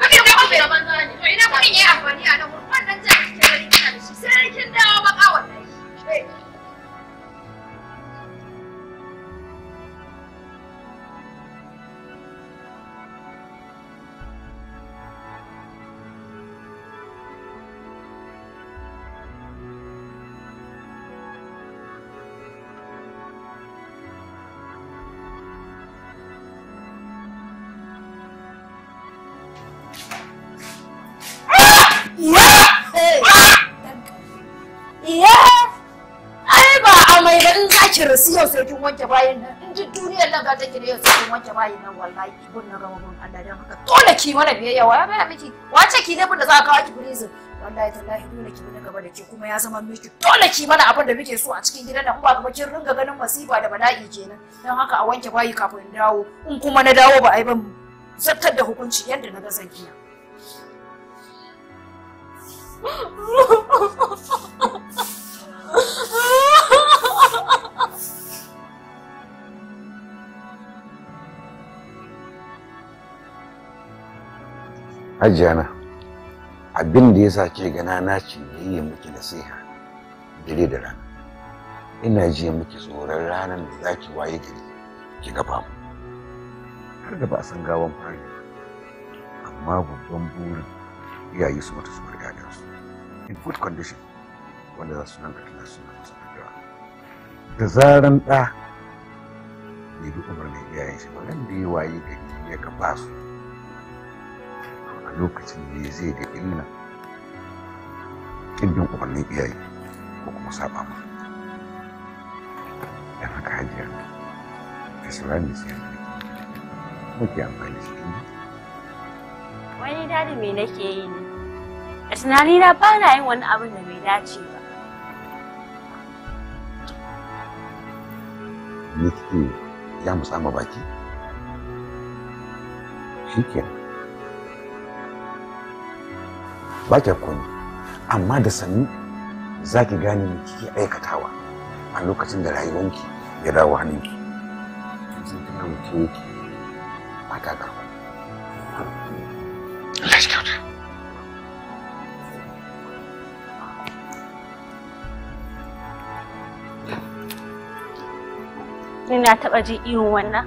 Kuɗi da To ina kuɗin yi amfani a nan wannan jihar kike da shi sai kin dawo baka wallahi. yau sai kin wanke bayan nan in ji duniyar nan ga ta kire yau sai kin wanke bayan nan wallahi kun na gama Allah dan haka dole ki mana biyayya wa ba miki wace ki ne da za ka kawo ki prison wallahi tallahi dole ki mana gaba da ke kuma ya zama miki dole ki mana abin da muke so a cikin gidan nan ba kuma kin ringa ganin masifa da bala'i kenan dan haka a wanke bayi kafin in dawo in kuma na dawo ba ai ban zartar da hukunci yadda na ga ha Ha ha ha ha! hajjana abin da ya sace gana na ce da yi miki nasiha dare da rana ina ji miki tsoron ranar da za ki waye gari ki gaba mu har da ba a san gawan fari amma babban burin iyaye su mata tsoron su. in good condition wanda za su nan da tana suna su addu'a da zaran ɗa bai bi umarnin iyayen shi ba da ya waye gari ya gaba su a lokacin ne zai da illa ƙin bin ubannin iyaye ko kuma saba ma don haka hajiya ne, da saurari sai kuma ke amfani da shi wani dadi me nake yi ne a tunani na ba na yin wani abin da bai dace ba ni kike ya musamman baki shi kenan ba kya amma da sannu za ki gane me kike aikatawa a lokacin da rayuwanki ya dawo hannunki sun tana ta karɓa taɓa jin irin wannan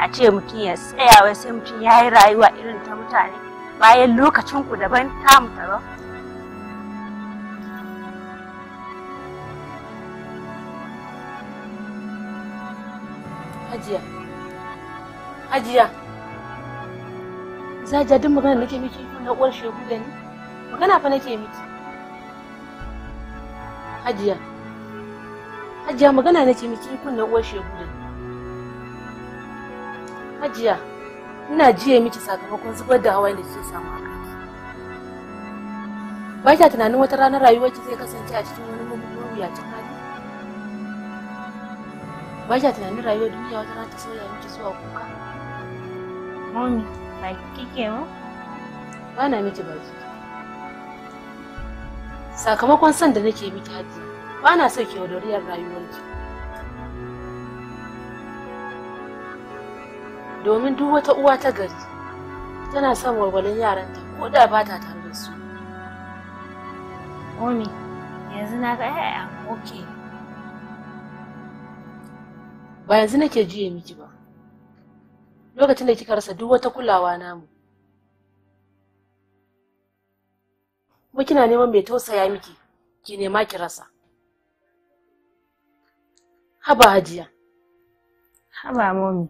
a ce mutum ya tsaya wai sai mutum ya yi rayuwa irin ta mutane bayan lokacin ku daban tamu daban Hajiya Hajiya Za duk magana nake miki na uwar shegu da ni magana fa nake miki Hajiya Hajiya magana nake miki kun na uwar shegu da ni Hajiya ina jiye miki sakamakon zubar da hawayen da kike samu a kanki ba kya tunanin wata ranar rayuwar ki zai kasance a cikin wani mawuyacin hali ba kya tunanin rayuwar duniya wata rana ta sauya miki zuwa kuka mami ba kike ba ba na miki baki sakamakon son da nake miki hajiya ba na so ki rayuwar ki. domin duk wata uwa ta gari tana son walwalin yaranta ko da ba ta tare da su Omi, yanzu na ga yaya oke ba yanzu nake jiye miki ba lokacin da kika rasa duk wata kulawa namu kuma kina neman mai tausaya miki ki nema ki rasa haba hajiya haba momi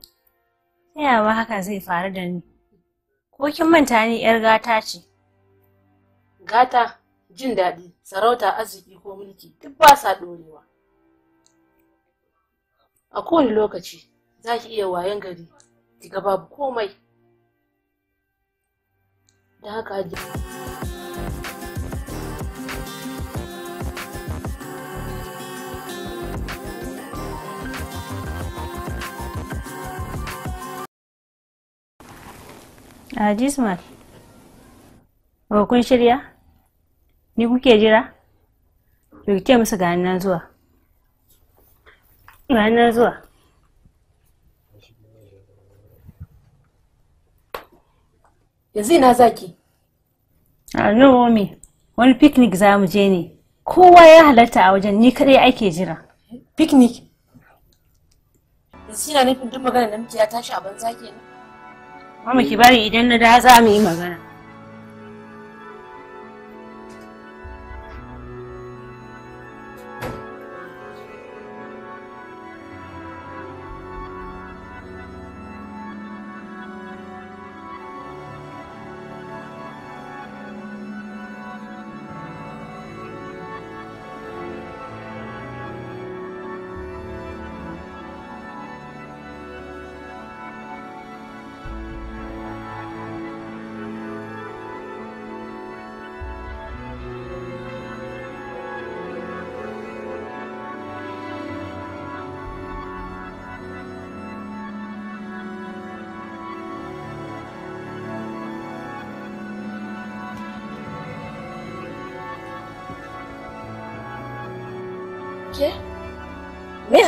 ta ma haka zai faru da ni ko kin manta ni yar gata ce gata jin daɗi sarauta arziki ko mulki duk ba sa ɗorewa a kowane lokaci za ki iya wayan gari ki ga babu komai da haka a jisman kun shirya ni kuke jira to ce musu ganin nan zuwa ga nan zuwa yanzu ina zaki a ah, nomi wani picnic za mu je ne kowa ya halatta a wajen ni kadai ake jira picnic yanzu ina nufin duk magana da muke ya tashi a banza kenan Mama ki bari idan na da za mu yi magana.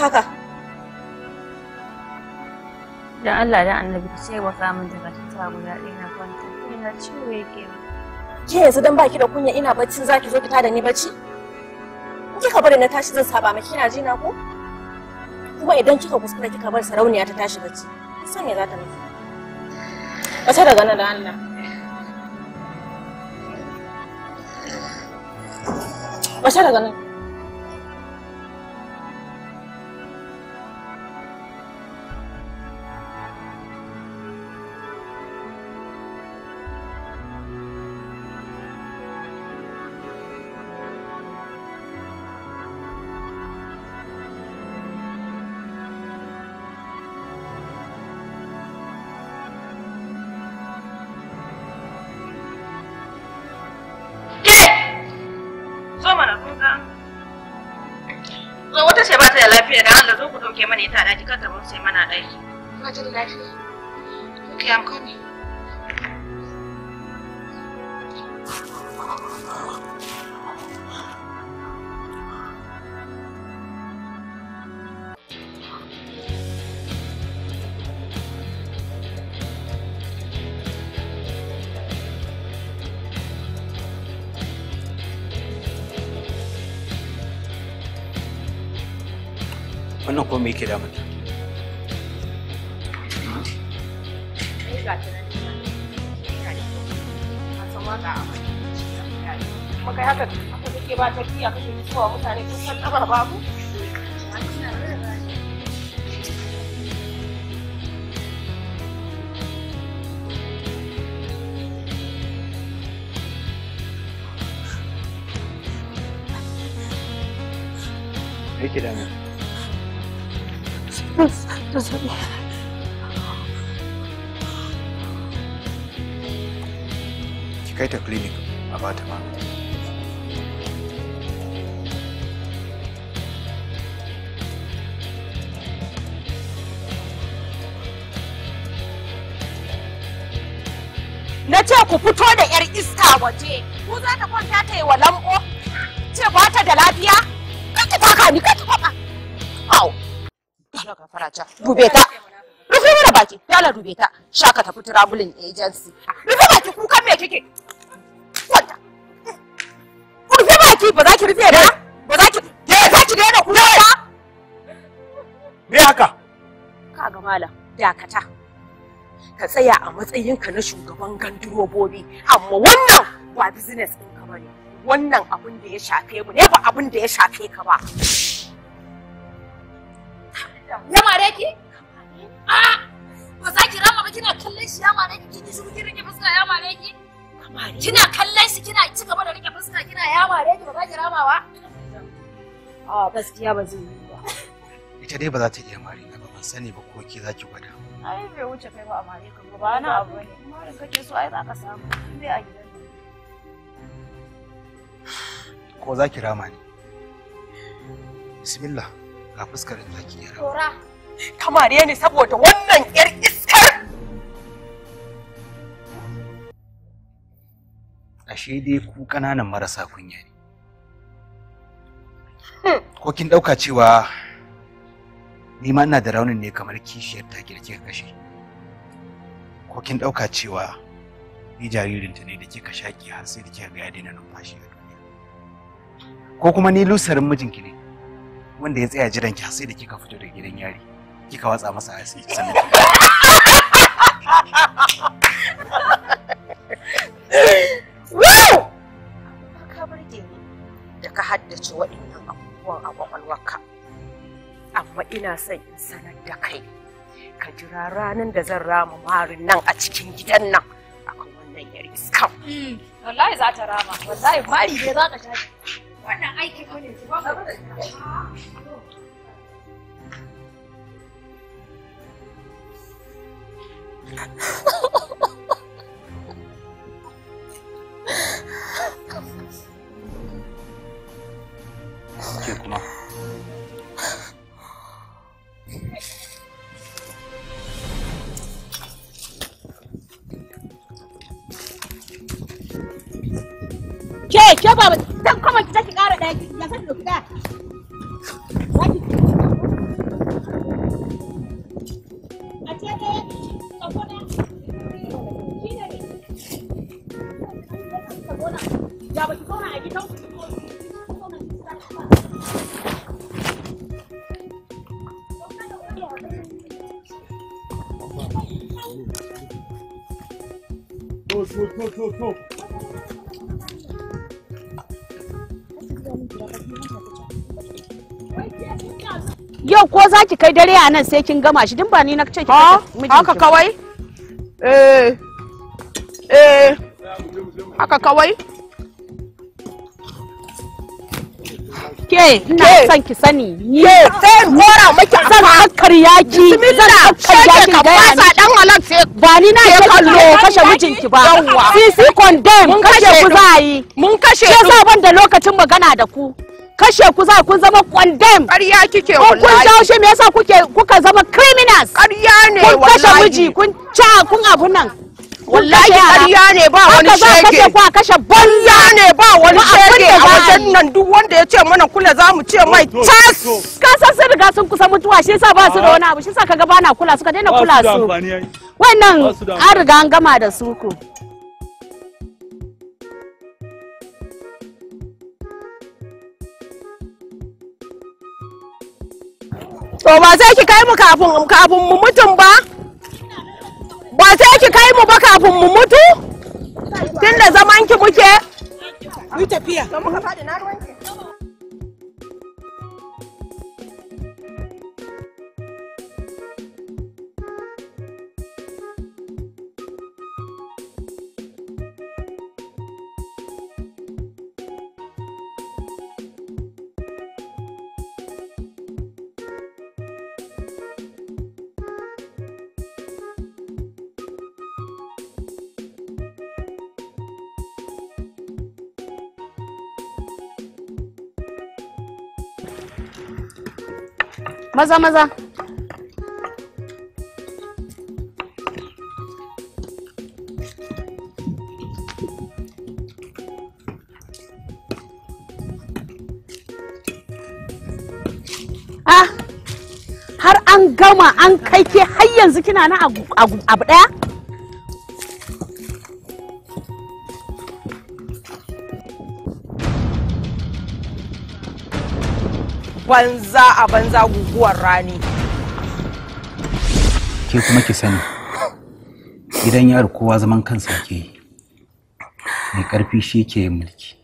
haka? Dan Allah da annabi ki ce wa samun daga ta guda da ina kwanta. Ina ciwo yake ba. Ke yanzu dan baki da kunya ina bacci za ki zo fita da ni bacci? In kika bari na tashi zan saba maki kina ji na ko? Kuma idan kika kuskura kika bar sarauniya ta tashi bacci. San me za ta miki? Wata daga nan da Allah. Wata daga nan. Okay, I'm coming. not going to make it happen. mutane sun san kabar babu Take it, Emma. traveling agency. Rufe baki kukan me kike? Wanda. Rufe baki ba za ki rufe ba? Ba za ki ke za ki daina kuka ba? Me haka? Ka ga malam, dakata. Ka tsaya a matsayinka na shugaban gandurobobi, amma wannan ba business din ba ne. Wannan abin da ya shafe mu ne ba abin da ya shafe ka ba. Na A! Ah! Ba za ki kina kallon shi ya mare ki kin shiru kin rike fuska ya mare ki kina kallon shi kina ci gaba da rike fuska kina ya mare ki ba za ki ramawa a gaskiya ba zai yi ba ita dai ba za ta iya mare ka ba ban sani ba ko ke za ki gwada ai bai wuce kai ba a mare ka ba na abu ne marin kake so ai za ka samu in dai a gidan ko za ki rama ne bismillah ga fuskar da za ki iya rama kamar ne saboda wannan yar ashe dai ku ƙananan marasa kunya ne hmm. ko kin ɗauka cewa ni ma ina da raunin ne kamar kishiyar ta kirki da kika kashe ko kin ɗauka cewa ni jaririnta ne da kika shaki har sai da kika ga ya daina numfashi a duniya ko kuma ni lusarin mijinki ne wanda ya tsaya jiran ki har sai da kika fito daga gidan yari kika watsa masa sai sanin ki haddace waɗannan abubuwan a ƙwaƙwalwarka amma ina son in sanar da kai ka jira ranar da zan rama marin nan a cikin gidan nan akan wannan yar iska hmm, wallahi za ta rama wallahi mari dai za ka tashi wannan aikin mu ne Ha ha ha. 죽겠구나. ke ke ba zan kuma ki zaki kara daki ya san da kuda a ce ne ka kona shi ne ya ba ki zauna a gidan ku Yau ko za ki kai dare a nan sai kin gama shi din ba ni na ce ki haka kawai? Eh. Eh. Haka kawai? ke na san ki sani ni sai gora miki san hakkar yaki san hakkar yaki ga ya sa dan halak sai ba ni na ke kallo kashe mijinki ba si si condemn kashe ku za yi mun kashe ku sai ban da lokacin magana da ku kashe ku za kun zama condemn ƙarya kike wallahi kun dawo shi me yasa kuke kuka zama criminals ƙarya ne wallahi kun kashe miji kun ca kun abun nan wallahi ƙarya ne ba wani shege haka kashe banza ne ba wani shege a wajen nan duk wanda ya ce mana kula za mu ce mai tas ka san sun riga sun kusa mutuwa shi yasa ba su da ah. wani abu shi yasa kaga ba na kula su ka daina kula su wannan an riga an gama da su ku. To ba sai ki kai mu kafin mu mutum ba? ba sai ki kai mu ba kafin mu mutu tun da zaman ki muke mu tafiya maza maza ah, har an gama an kai ke har yanzu kina na abu daya banza a banza guguwar rani ke kuma ki sani gidan yaro kowa zaman kansa ke yi mai ƙarfi shi ke yin mulki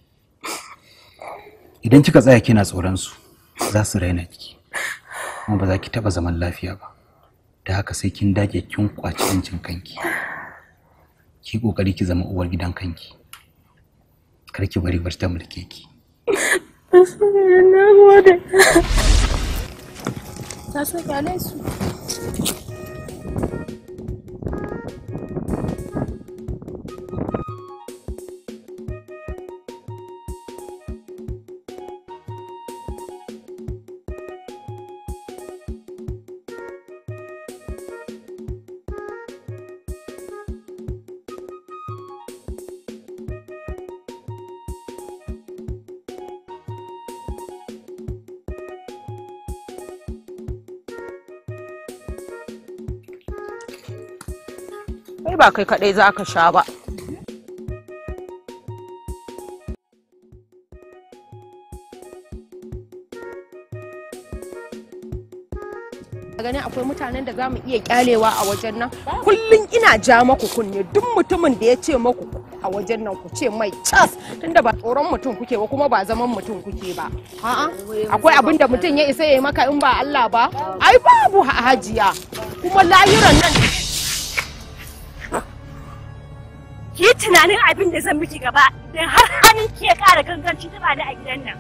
idan kika tsaya kina tsoron su za su raina ciki kuma ba za ki taɓa zaman lafiya ba da haka sai kin dage kin kwaci yancin kanki ki kokari ki zama uwar gidan kanki kar ki bari barci ta mulke ki That's like an issue. ba kai kaɗai za ka sha ba. ganin akwai mutanen da zamu iya kyalewa a wajen nan kullum ina ja maku kunne duk mutumin da ya ce maku a wajen nan ku ce mai cas tunda ba tsoron mutum kuke ba kuma ba zaman mutum kuke ba a'a akwai abin da mutum ya isa ya yi maka in ba Allah ba ai babu hajiya kuma lahiran nan tunanin abin da zan miki gaba don har hannun ke kara ganganci ta bani a gidan nan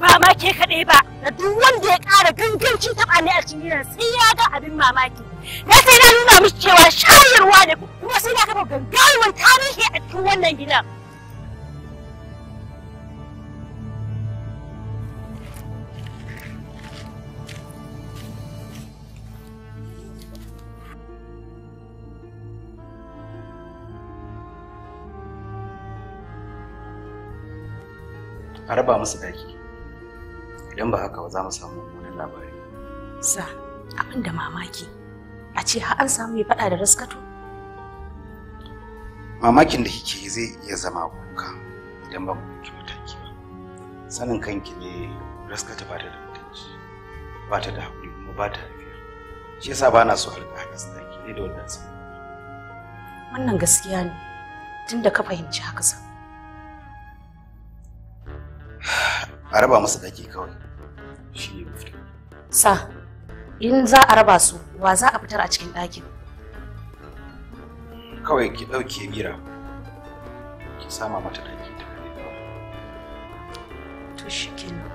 ba ma ke kaɗai ba da duk wanda ya kara ganganci ta bani a cikin gidan sai ya ga abin mamaki na sai na nuna miki cewa shayarwa ne kuma sai na kafa gangawan tarihi a cikin wannan gidan raba musu daki idan ba haka ba za mu samu wani labari sa abin da mamaki a ce har an samu ya faɗa da raskato mamakin da kike zai iya zama kuka idan ba mu ɗauki mataki ba sanin kanki ne raskata ba ta da mutunci ba ta da haƙuri kuma ba ta lafiya shi yasa ba na so a riƙa haɗa tsaki ne da wannan sanin wannan gaskiya ne tunda ka fahimci haka sa a raba masa ɗaki kawai shi ne sa in za a raba su wa za a fitar a cikin ɗakin kawai ki ɗauke mira ki sama mata daki ta to shi kenan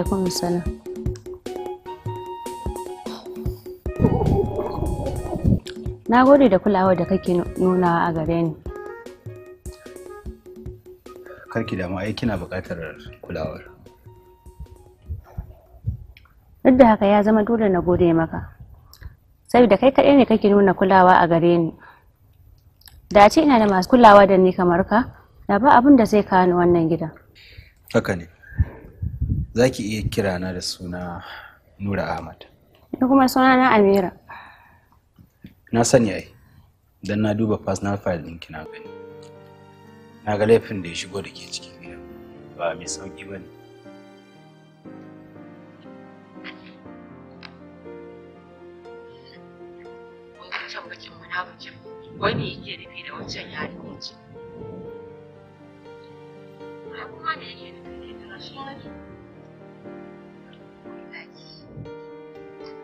عليكم السلام na gode da kulawar da kake nunawa a gare ni karki damu ai kina buƙatar kulawar duk da haka ya zama dole na gode maka saboda kai kaɗai ne kake nuna kulawa a gare ni da ce ina da masu kulawa da ni kamar ka da ba abin da zai kawo ni wannan gidan haka ne za ki iya kira na da suna nura ahmad ni kuma suna na amira na sani ai don na duba personal file ɗinki na gani na ga laifin da ya shigo da ke cikin gida ba mai sauki ba ne wani yake nufi da wancan yari ne ce kuma da yake nufi da shi ne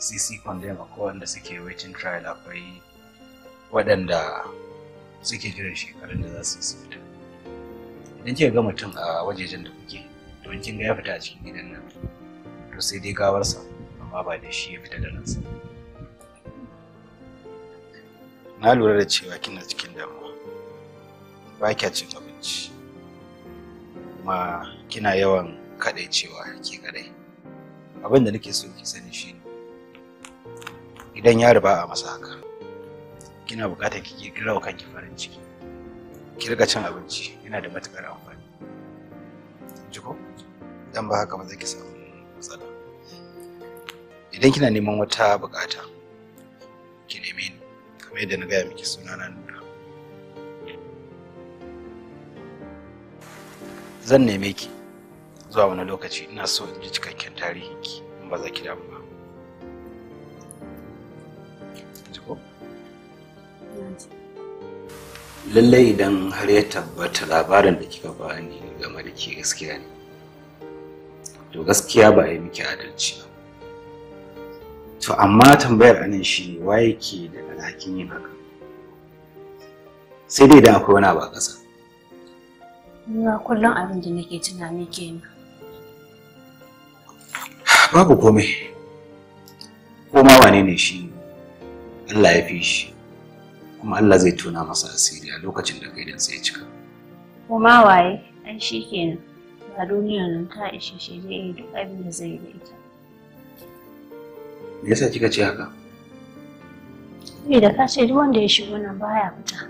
cc condemn akwai wanda suke waiting trial akwai waɗanda suke jiran shekarun da za su su fita idan kika ga mutum a wajejen da kuke to kin ga ya fita a cikin gidan nan to sai dai gawarsa amma ba da shi ya fita da ransa na lura da cewa kina cikin damuwa ba kya cin abinci kuma kina yawan kaɗai cewa ke kaɗai abin da nake so ki sani shi idan ya riba a masa haka kina buƙatar ki kirkira wa kanki farin ciki ki riga cin abinci yana da matukar amfani ji ko dan ba haka ba zai ki samu matsala idan kina neman wata buƙata ki neme ni kamar yadda na gaya miki suna na nuna zan neme ki zuwa wani lokaci ina so in ji cikakken tarihinki in ba za ki damu lallai idan har ya tabbata labarin da kika bani game da ke gaskiya ne to gaskiya ba yi miki adalci ba to amma tambayar anan shi ne waye ke da alhakin yin haka sai dai da akwai wani abu a ƙasa ina kullum abin da nake tunani kenan babu komai ko ma wane ne shi Allah ya fi shi kuma Allah zai tuna masa asiri a lokacin da kaidan sai ya cika kuma waye an shi kenan ba duniyar nan ta ishe shi zai yi duk abin da zai yi ita me yasa kika ce haka da ka ce duk wanda ya shigo nan baya fita ne.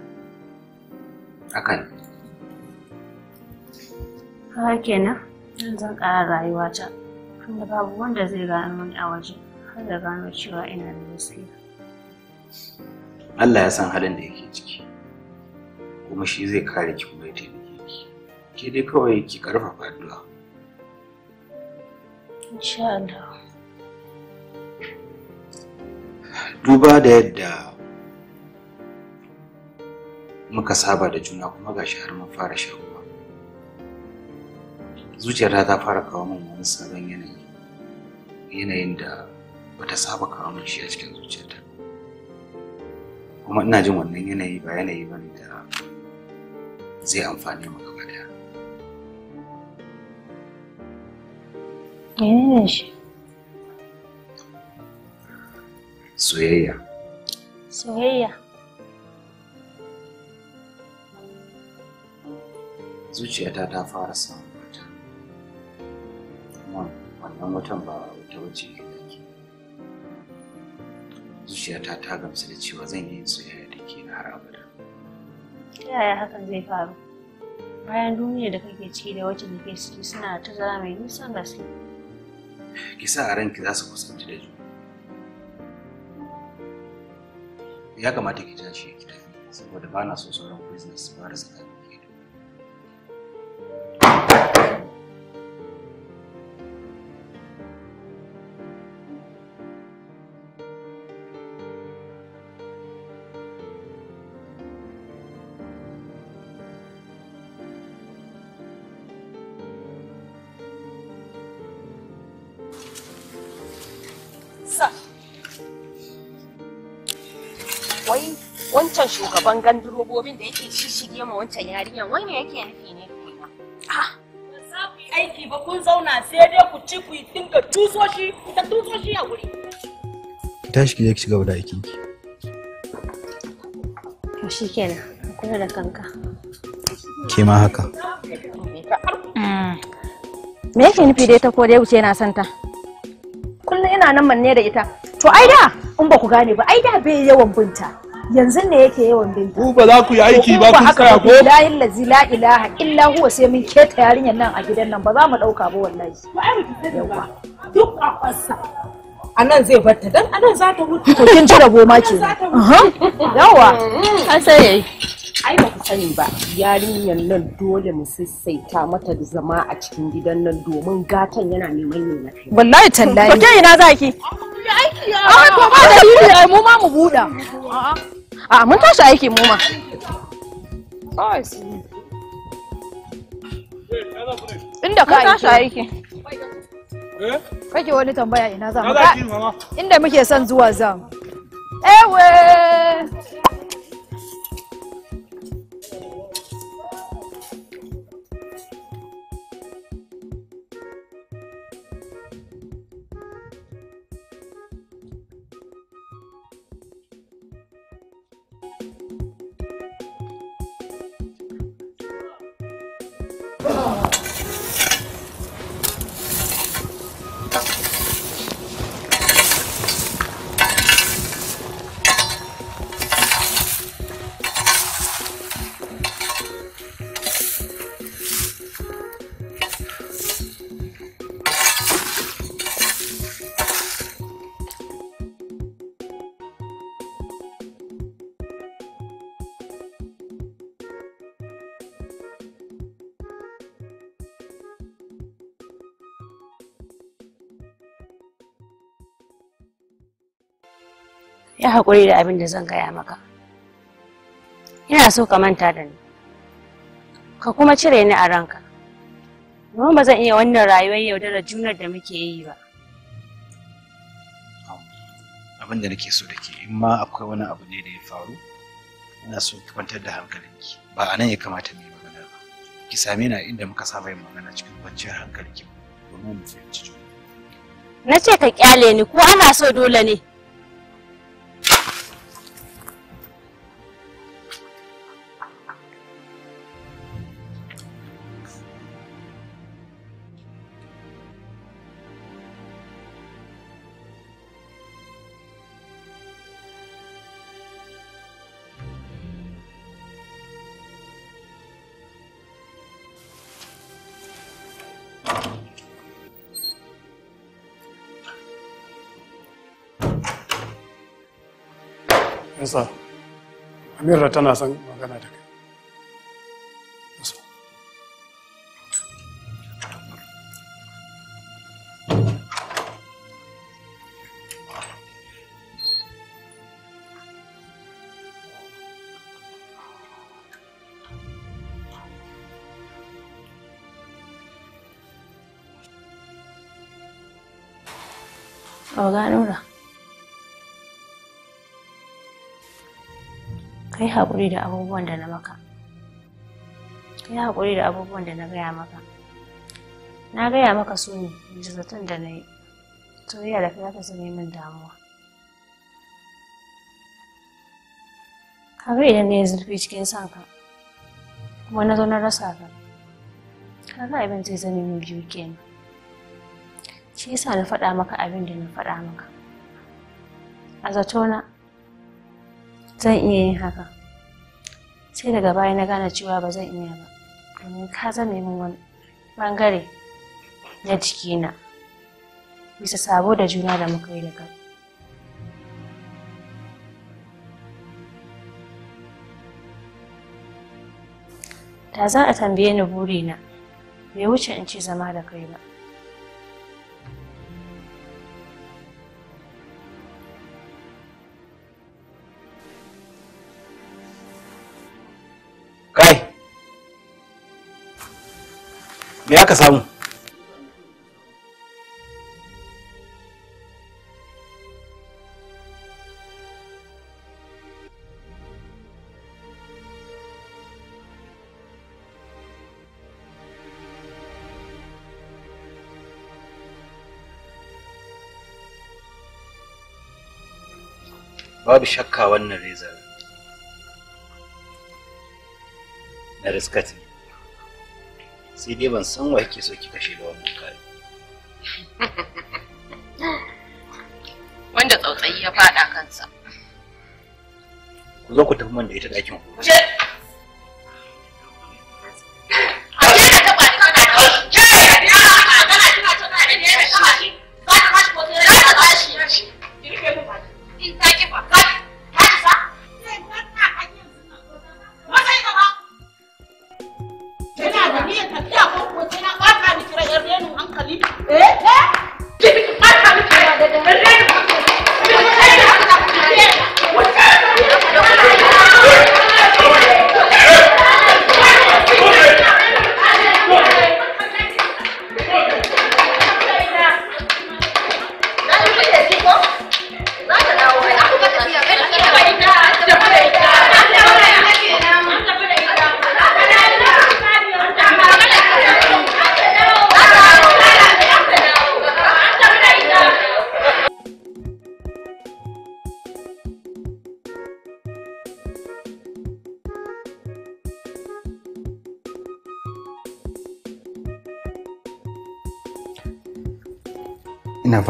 haka kenan zan zan ƙara rayuwata tunda babu wanda zai gano ni a waje har da gano cewa ina da gaskiya Allah ya san halin da yake ciki kuma shi zai kare ki kuma ya taimake ki ke dai kawai ki karfafa addu'a insha Allah duba da yadda muka saba da juna kuma gashi har mun fara shan zuciyar zuciyata ta fara kawo min wani sabon yanayi yanayin da bata saba kawo min shi a cikin zuciyarta kuma ina jin wannan yanayi ba yanayi ba ne da zai amfani mu gaba daya menene shi soyayya soyayya zuciyata ta fara samun wata wannan watan ba wata wuce zuciyata ta gamsu da cewa zan yi soyayya da ke na har abada yaya hakan zai faru bayan duniya da kake ci da wacce ke ciki suna ta zara mai nisan gaske ki sa a ranki za su kusanci da juna ya kamata ki tashi ki tafi saboda ba na so sauran business ba da tsakani wai wancan shugaban gandurobobin da yake shishige ma wancan yarinyar wai ne yake nufi ne tukuna ah! aiki ba kun zauna sai dai ku ci ku dinga tuso shi ta tuso shi a wuri tashi ki je ki cigaba da aikin ki to kula da kanka ke ma haka mm. me yake nufi dai ta ko dai wuce yana santa kullum ina nan manne da ita to ai da in ba ku gane ba ai da bai yawan binta yanzu ne yake yawan binta ku ba za ku yi aiki ba ku tsaya ko la ilaha la ilaha illa huwa sai mun keta yarinyar nan a gidan nan ba za mu dauka ba wallahi duk a kwasa a nan zai batta dan a nan za ta mutu to kin jira rabo ma ke yawa an sai yayi ai ba ku sani ba yarinyar nan dole mu sassaita mata da zama a cikin gidan nan domin gatan yana neman yin wallahi tallahi ko ke ina zaki aiki a a to ba dalili ai mu ma mu buɗa a mun tashi aiki mu ma inda ka tashi aiki eh? kake wani tambaya ina za mu inda muke son zuwa za mu ewe haƙuri da abin da zan gaya maka ina so ka manta da ni ka kuma cire ni a ranka domin ba zan iya wannan rayuwar da junar da muke yi ba abin da nake so da ke in ma akwai wani abu ne da ya faru ina so ki kwantar da hankalinki ba a nan ya kamata mu yi magana ba ki same ni inda muka saba yin magana cikin kwanciyar hankalinki domin mu fahimci juna na ce ka kyale ni ko ana so dole ne amsa amira tana son magana da kai Ahora, ahora. kai yi haƙuri da abubuwan da na maka kai haƙuri da abubuwan da na gaya maka na gaya maka su ne da da na yi yi da kai ta zama min damuwa kaga idan na yi zurfi cikin sanka. kuma na zo na rasa ka kaga abin zai zama min biyu kenan shi yasa na faɗa maka abin da na faɗa maka a zato na. zan iya yin haka sai daga baya na gane cewa ba zan iya ba domin ka zame min wani bangare na jikina bisa sabo da juna da muka yi da kai da za a tambaye ni burina bai wuce in ci zama da kai ba me aka samu babu shakka wannan rezar na riskati sai dai ban san wa kike so ki kashe da wannan kare wanda tsautsayi ya fada kansa ku zo ku tafi man da ita dakin ku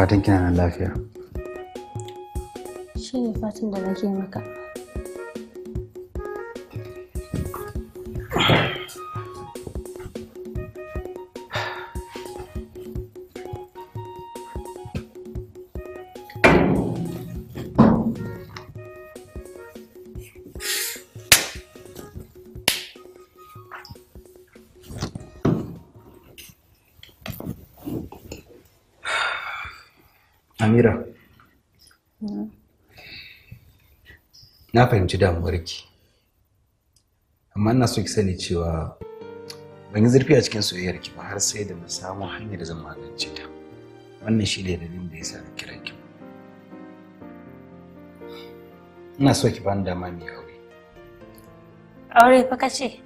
fatan kina nan lafiya shi ne fatan da nake maka Amira. Mm. Na fahimci damuwarki. Amma ina so ki sani cewa ban yi zurfi a cikin soyayyarki ba har sai da na samu hanyar da zan magance ta. Wannan shi ne dalilin da ya sa na kira ki. Ina so ki bani dama mai aure. Aure fa kace?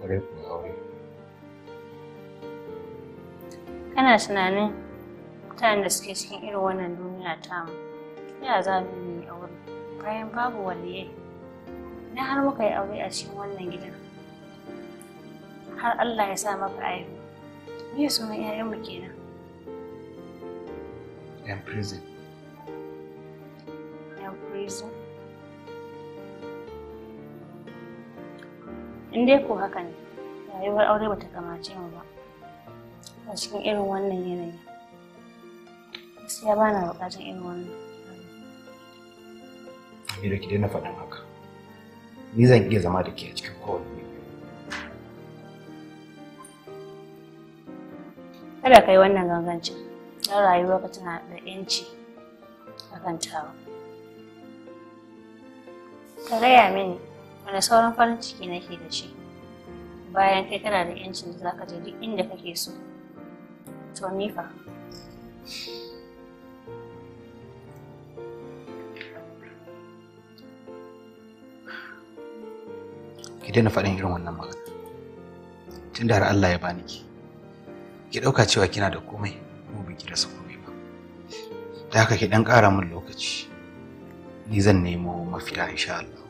Aure ko aure. Kana tunanin mutanen da suke cikin irin wannan duniya ta mu ya za mu yi aure bayan babu waliyai na har muka yi aure a cikin wannan gidan har Allah ya sa maka ayo me mu ke kenan yan prison yan prison in dai ko haka ne rayuwar aure bata kamace mu ba a cikin irin wannan yanayi gaskiya ba na bukatar irin wannan Amira ki daina faɗin haka ni zan iya zama da ke a cikin kowane kada ka yi wannan gangancin don ka tana da ƴanci a kan tawa ka gaya mini wani sauran farin ciki nake da shi bayan kai kana da ƴancin da za ka je duk inda kake so to ni fa daina faɗin irin wannan magana tun da har Allah ya bani ki ki ɗauka cewa kina da komai kuma ba ki rasa komai ba da haka ki ɗan ƙara min lokaci ni zan nemo mafita insha Allah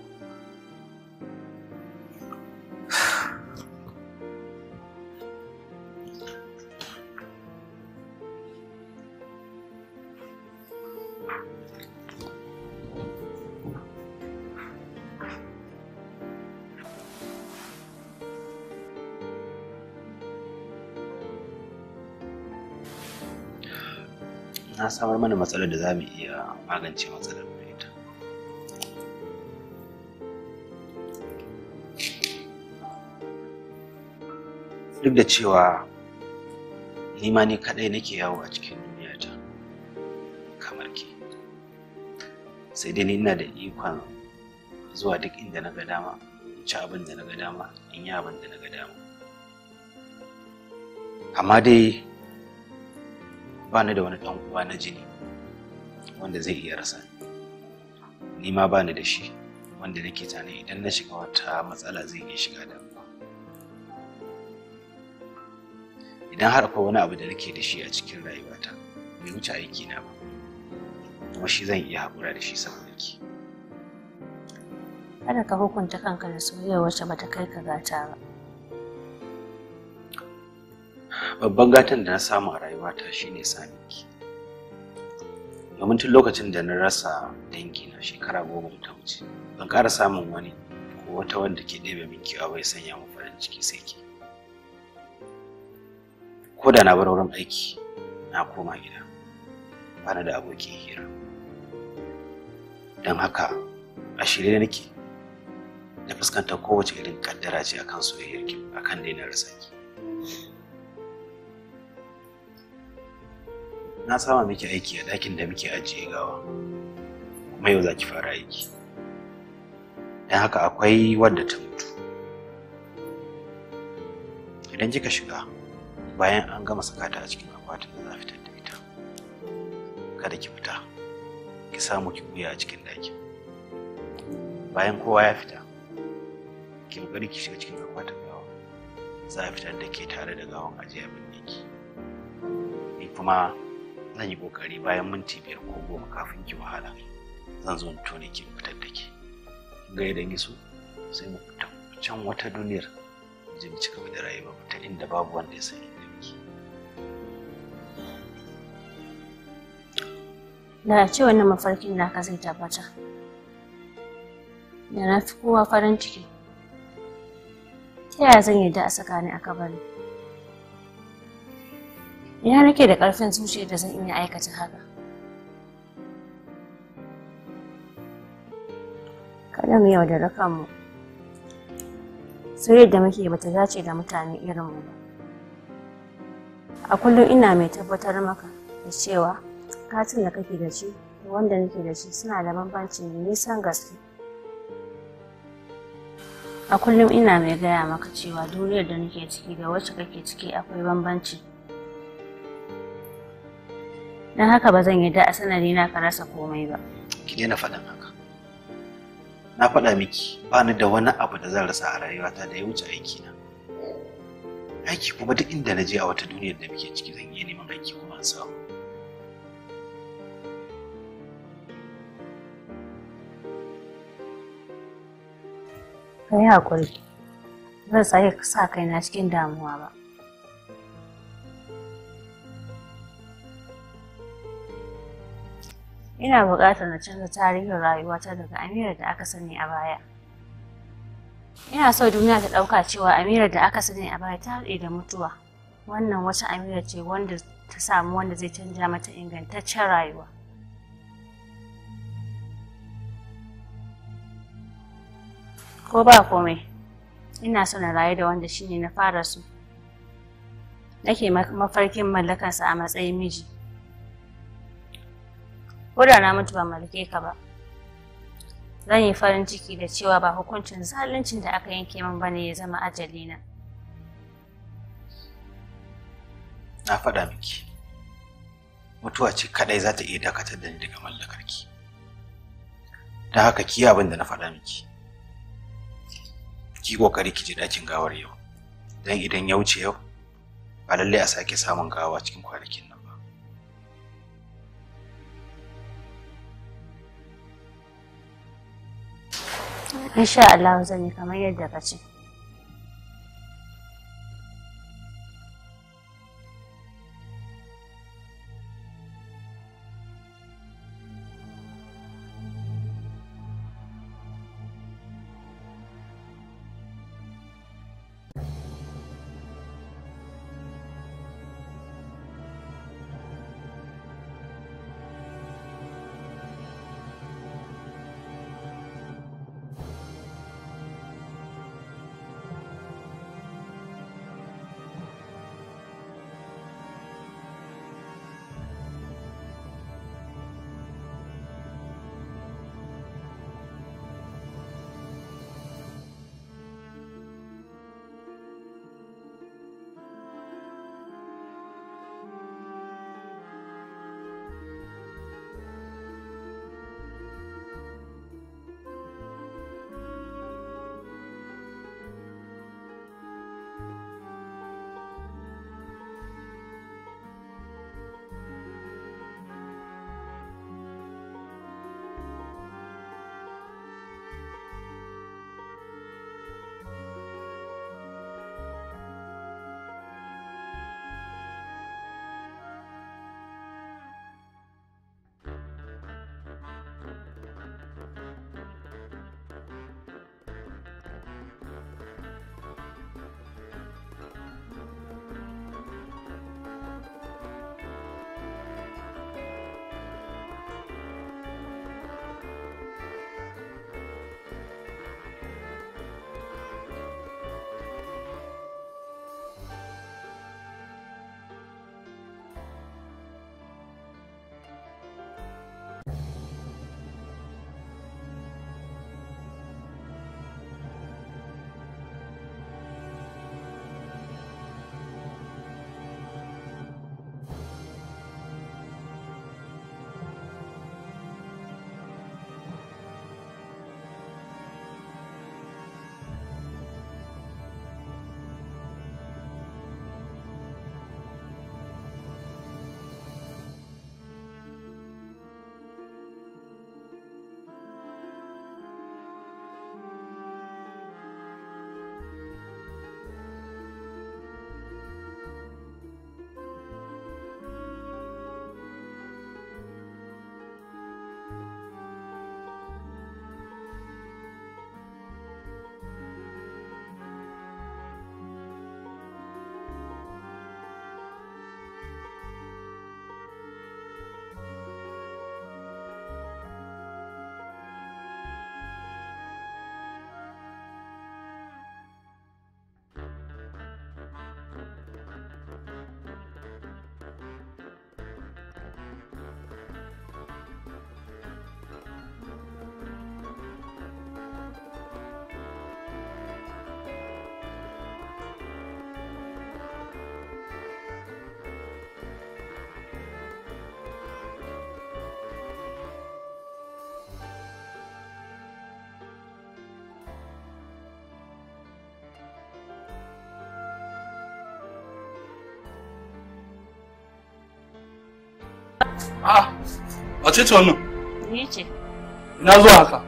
samar mana matsalar da za mu iya magance matsalar da ita. Duk da cewa ni ma ni kaɗai nake yawo a cikin duniya ta kamar ke. Sai dai ni ina da ikon zuwa duk inda na ga dama, in ci abin da na ga dama, in yi abin da na ga dama. Amma dai ba ni da wani ɗan uwa na jini wanda zai iya rasa ni ma ba da shi wanda nake tane idan na shiga wata matsala zai iya shiga da idan har akwai wani abu da nake da shi a cikin rayuwata bai wuce aiki na ba kuma shi zan iya haƙura da shi saboda ki kada ka hukunta kanka da soyayya wacce bata kai ka gata ba babban gatan da na samu a rayuwata shine saminki domin tun lokacin da na rasa dangi na shekara goma ta wuce ban ƙara samun wani ko wata wanda ke ɗebe min kiwa bai sanya mu farin ciki sai ki ko da na bar wurin aiki na koma gida bana da abokin hira don haka a shirye nake da fuskantar kowace irin kaddara ce akan ki akan na rasa ki na sama miki aiki a ɗakin da muke ajiye gawa kuma yau za ki fara aiki don haka akwai wanda ta mutu idan kika shiga bayan an gama sakata a cikin akwatin da za fitar da ita kada ki fita ki samu ki buya a cikin ɗakin bayan kowa ya fita ki bari ki shiga cikin akwatin gawa za a fitar da ke tare da gawan ajiye abin ni kuma zan yi kokari bayan minti biyar ko goma kafin ki wahala zan zo in tone ki fitar da ke, ga idan yi sai mu fita can wata duniyar je mu cika da rayuwa ta inda babu wanda ya sani da ke. da ce wannan mafarkin na ka zai tabbata da na fi kowa farin ciki ta yaya zan yarda a saka ni a kabari ina nake da ƙarfin zuciya da zan iya aikata haka kada mu yaudara kanmu soyayyar da muke bata dace da mutane irin mu ba a kullum ina mai tabbatar maka da cewa katin da kake da shi da wanda nake da shi suna da bambanci mai nisan gaske a kullum ina mai gaya maka cewa duniyar da nake ciki da wacce kake ciki akwai bambanci don haka ba zan yadda a sanari na ka rasa komai ba ki daina faɗin haka na faɗa miki ba ni da wani abu da zan rasa a rayuwata da ya wuce aiki na aiki kuma duk inda na je a wata duniyar da muke ciki zan iya neman aiki kuma samu ka yi zan sake sa kaina cikin damuwa ba Ina buƙatar na canza tarihin rayuwata daga Amira da aka sani a baya. Ina so duniya ta ɗauka cewa Amira da aka sani a baya ta haɗe da mutuwa. Wannan wata Amira ce wanda ta samu wanda zai canja mata ingantaccen rayuwa. Ko ba komai, ina so na rayu da wanda shine na fara su Nake mafarkin mallakarsa a matsayin miji. ko na mutu ba mallake ka ba zan yi farin ciki da cewa ba hukuncin zaluncin da aka yanke min bane ya zama ajali na na faɗa miki mutuwa ce kadai za ta iya dakatar da ni daga mallakarki don haka ki abin da na faɗa miki ki kokari ki ji dakin gawar yau don idan ya wuce yau ba lallai a sake samun gawa cikin kwanakin insha Allah zan yi kamar yadda ka ce a a ce wannan ni ce ina zuwa haka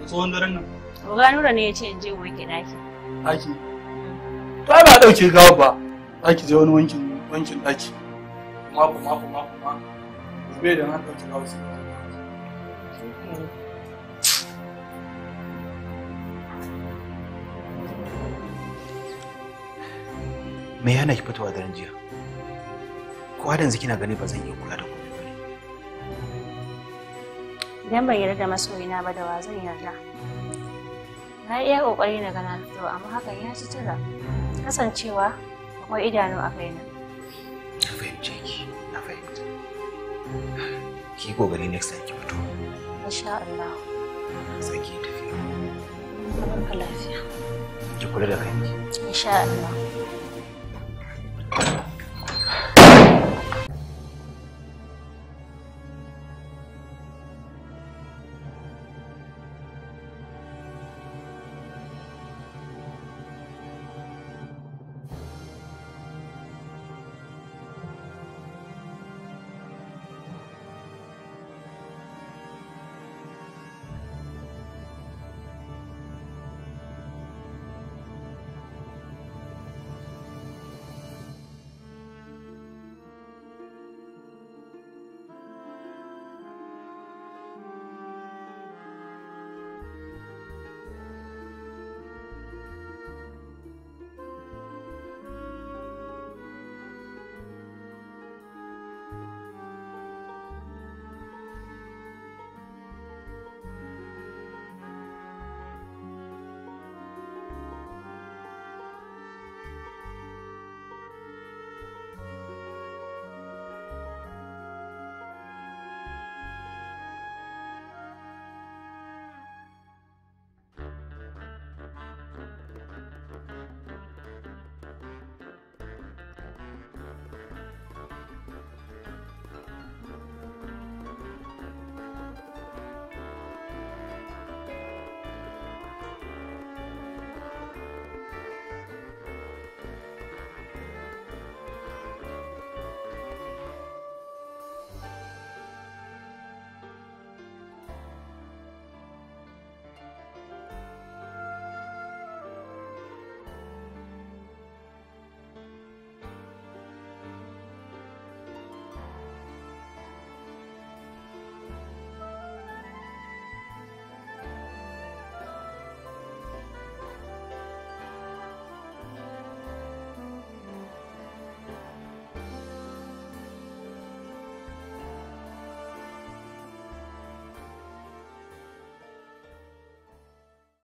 da tsohon daren nan ba. Oga Nura ne ya ce in je wanke daki daki to ai ba dauke gawa ba daki je wani wankin wankin daki mako mako mako mako zube da na dauke gawa sai me yana ki fitowa daren jiya ko da yanzu kina gani ba zan iya kula da ku. Idan ban yarda da masoyina ba da wa zan yarda. Na iya kokari na gana to amma hakan ya ci tura. Kasancewa akwai idanu a kaina. Na fahimce ki, na fahimta. Ki yi ƙoƙari next time ki fito. Insha Allah. Sai ki tafi. Ka lafiya. Ki kula da kanki. Insha Allah.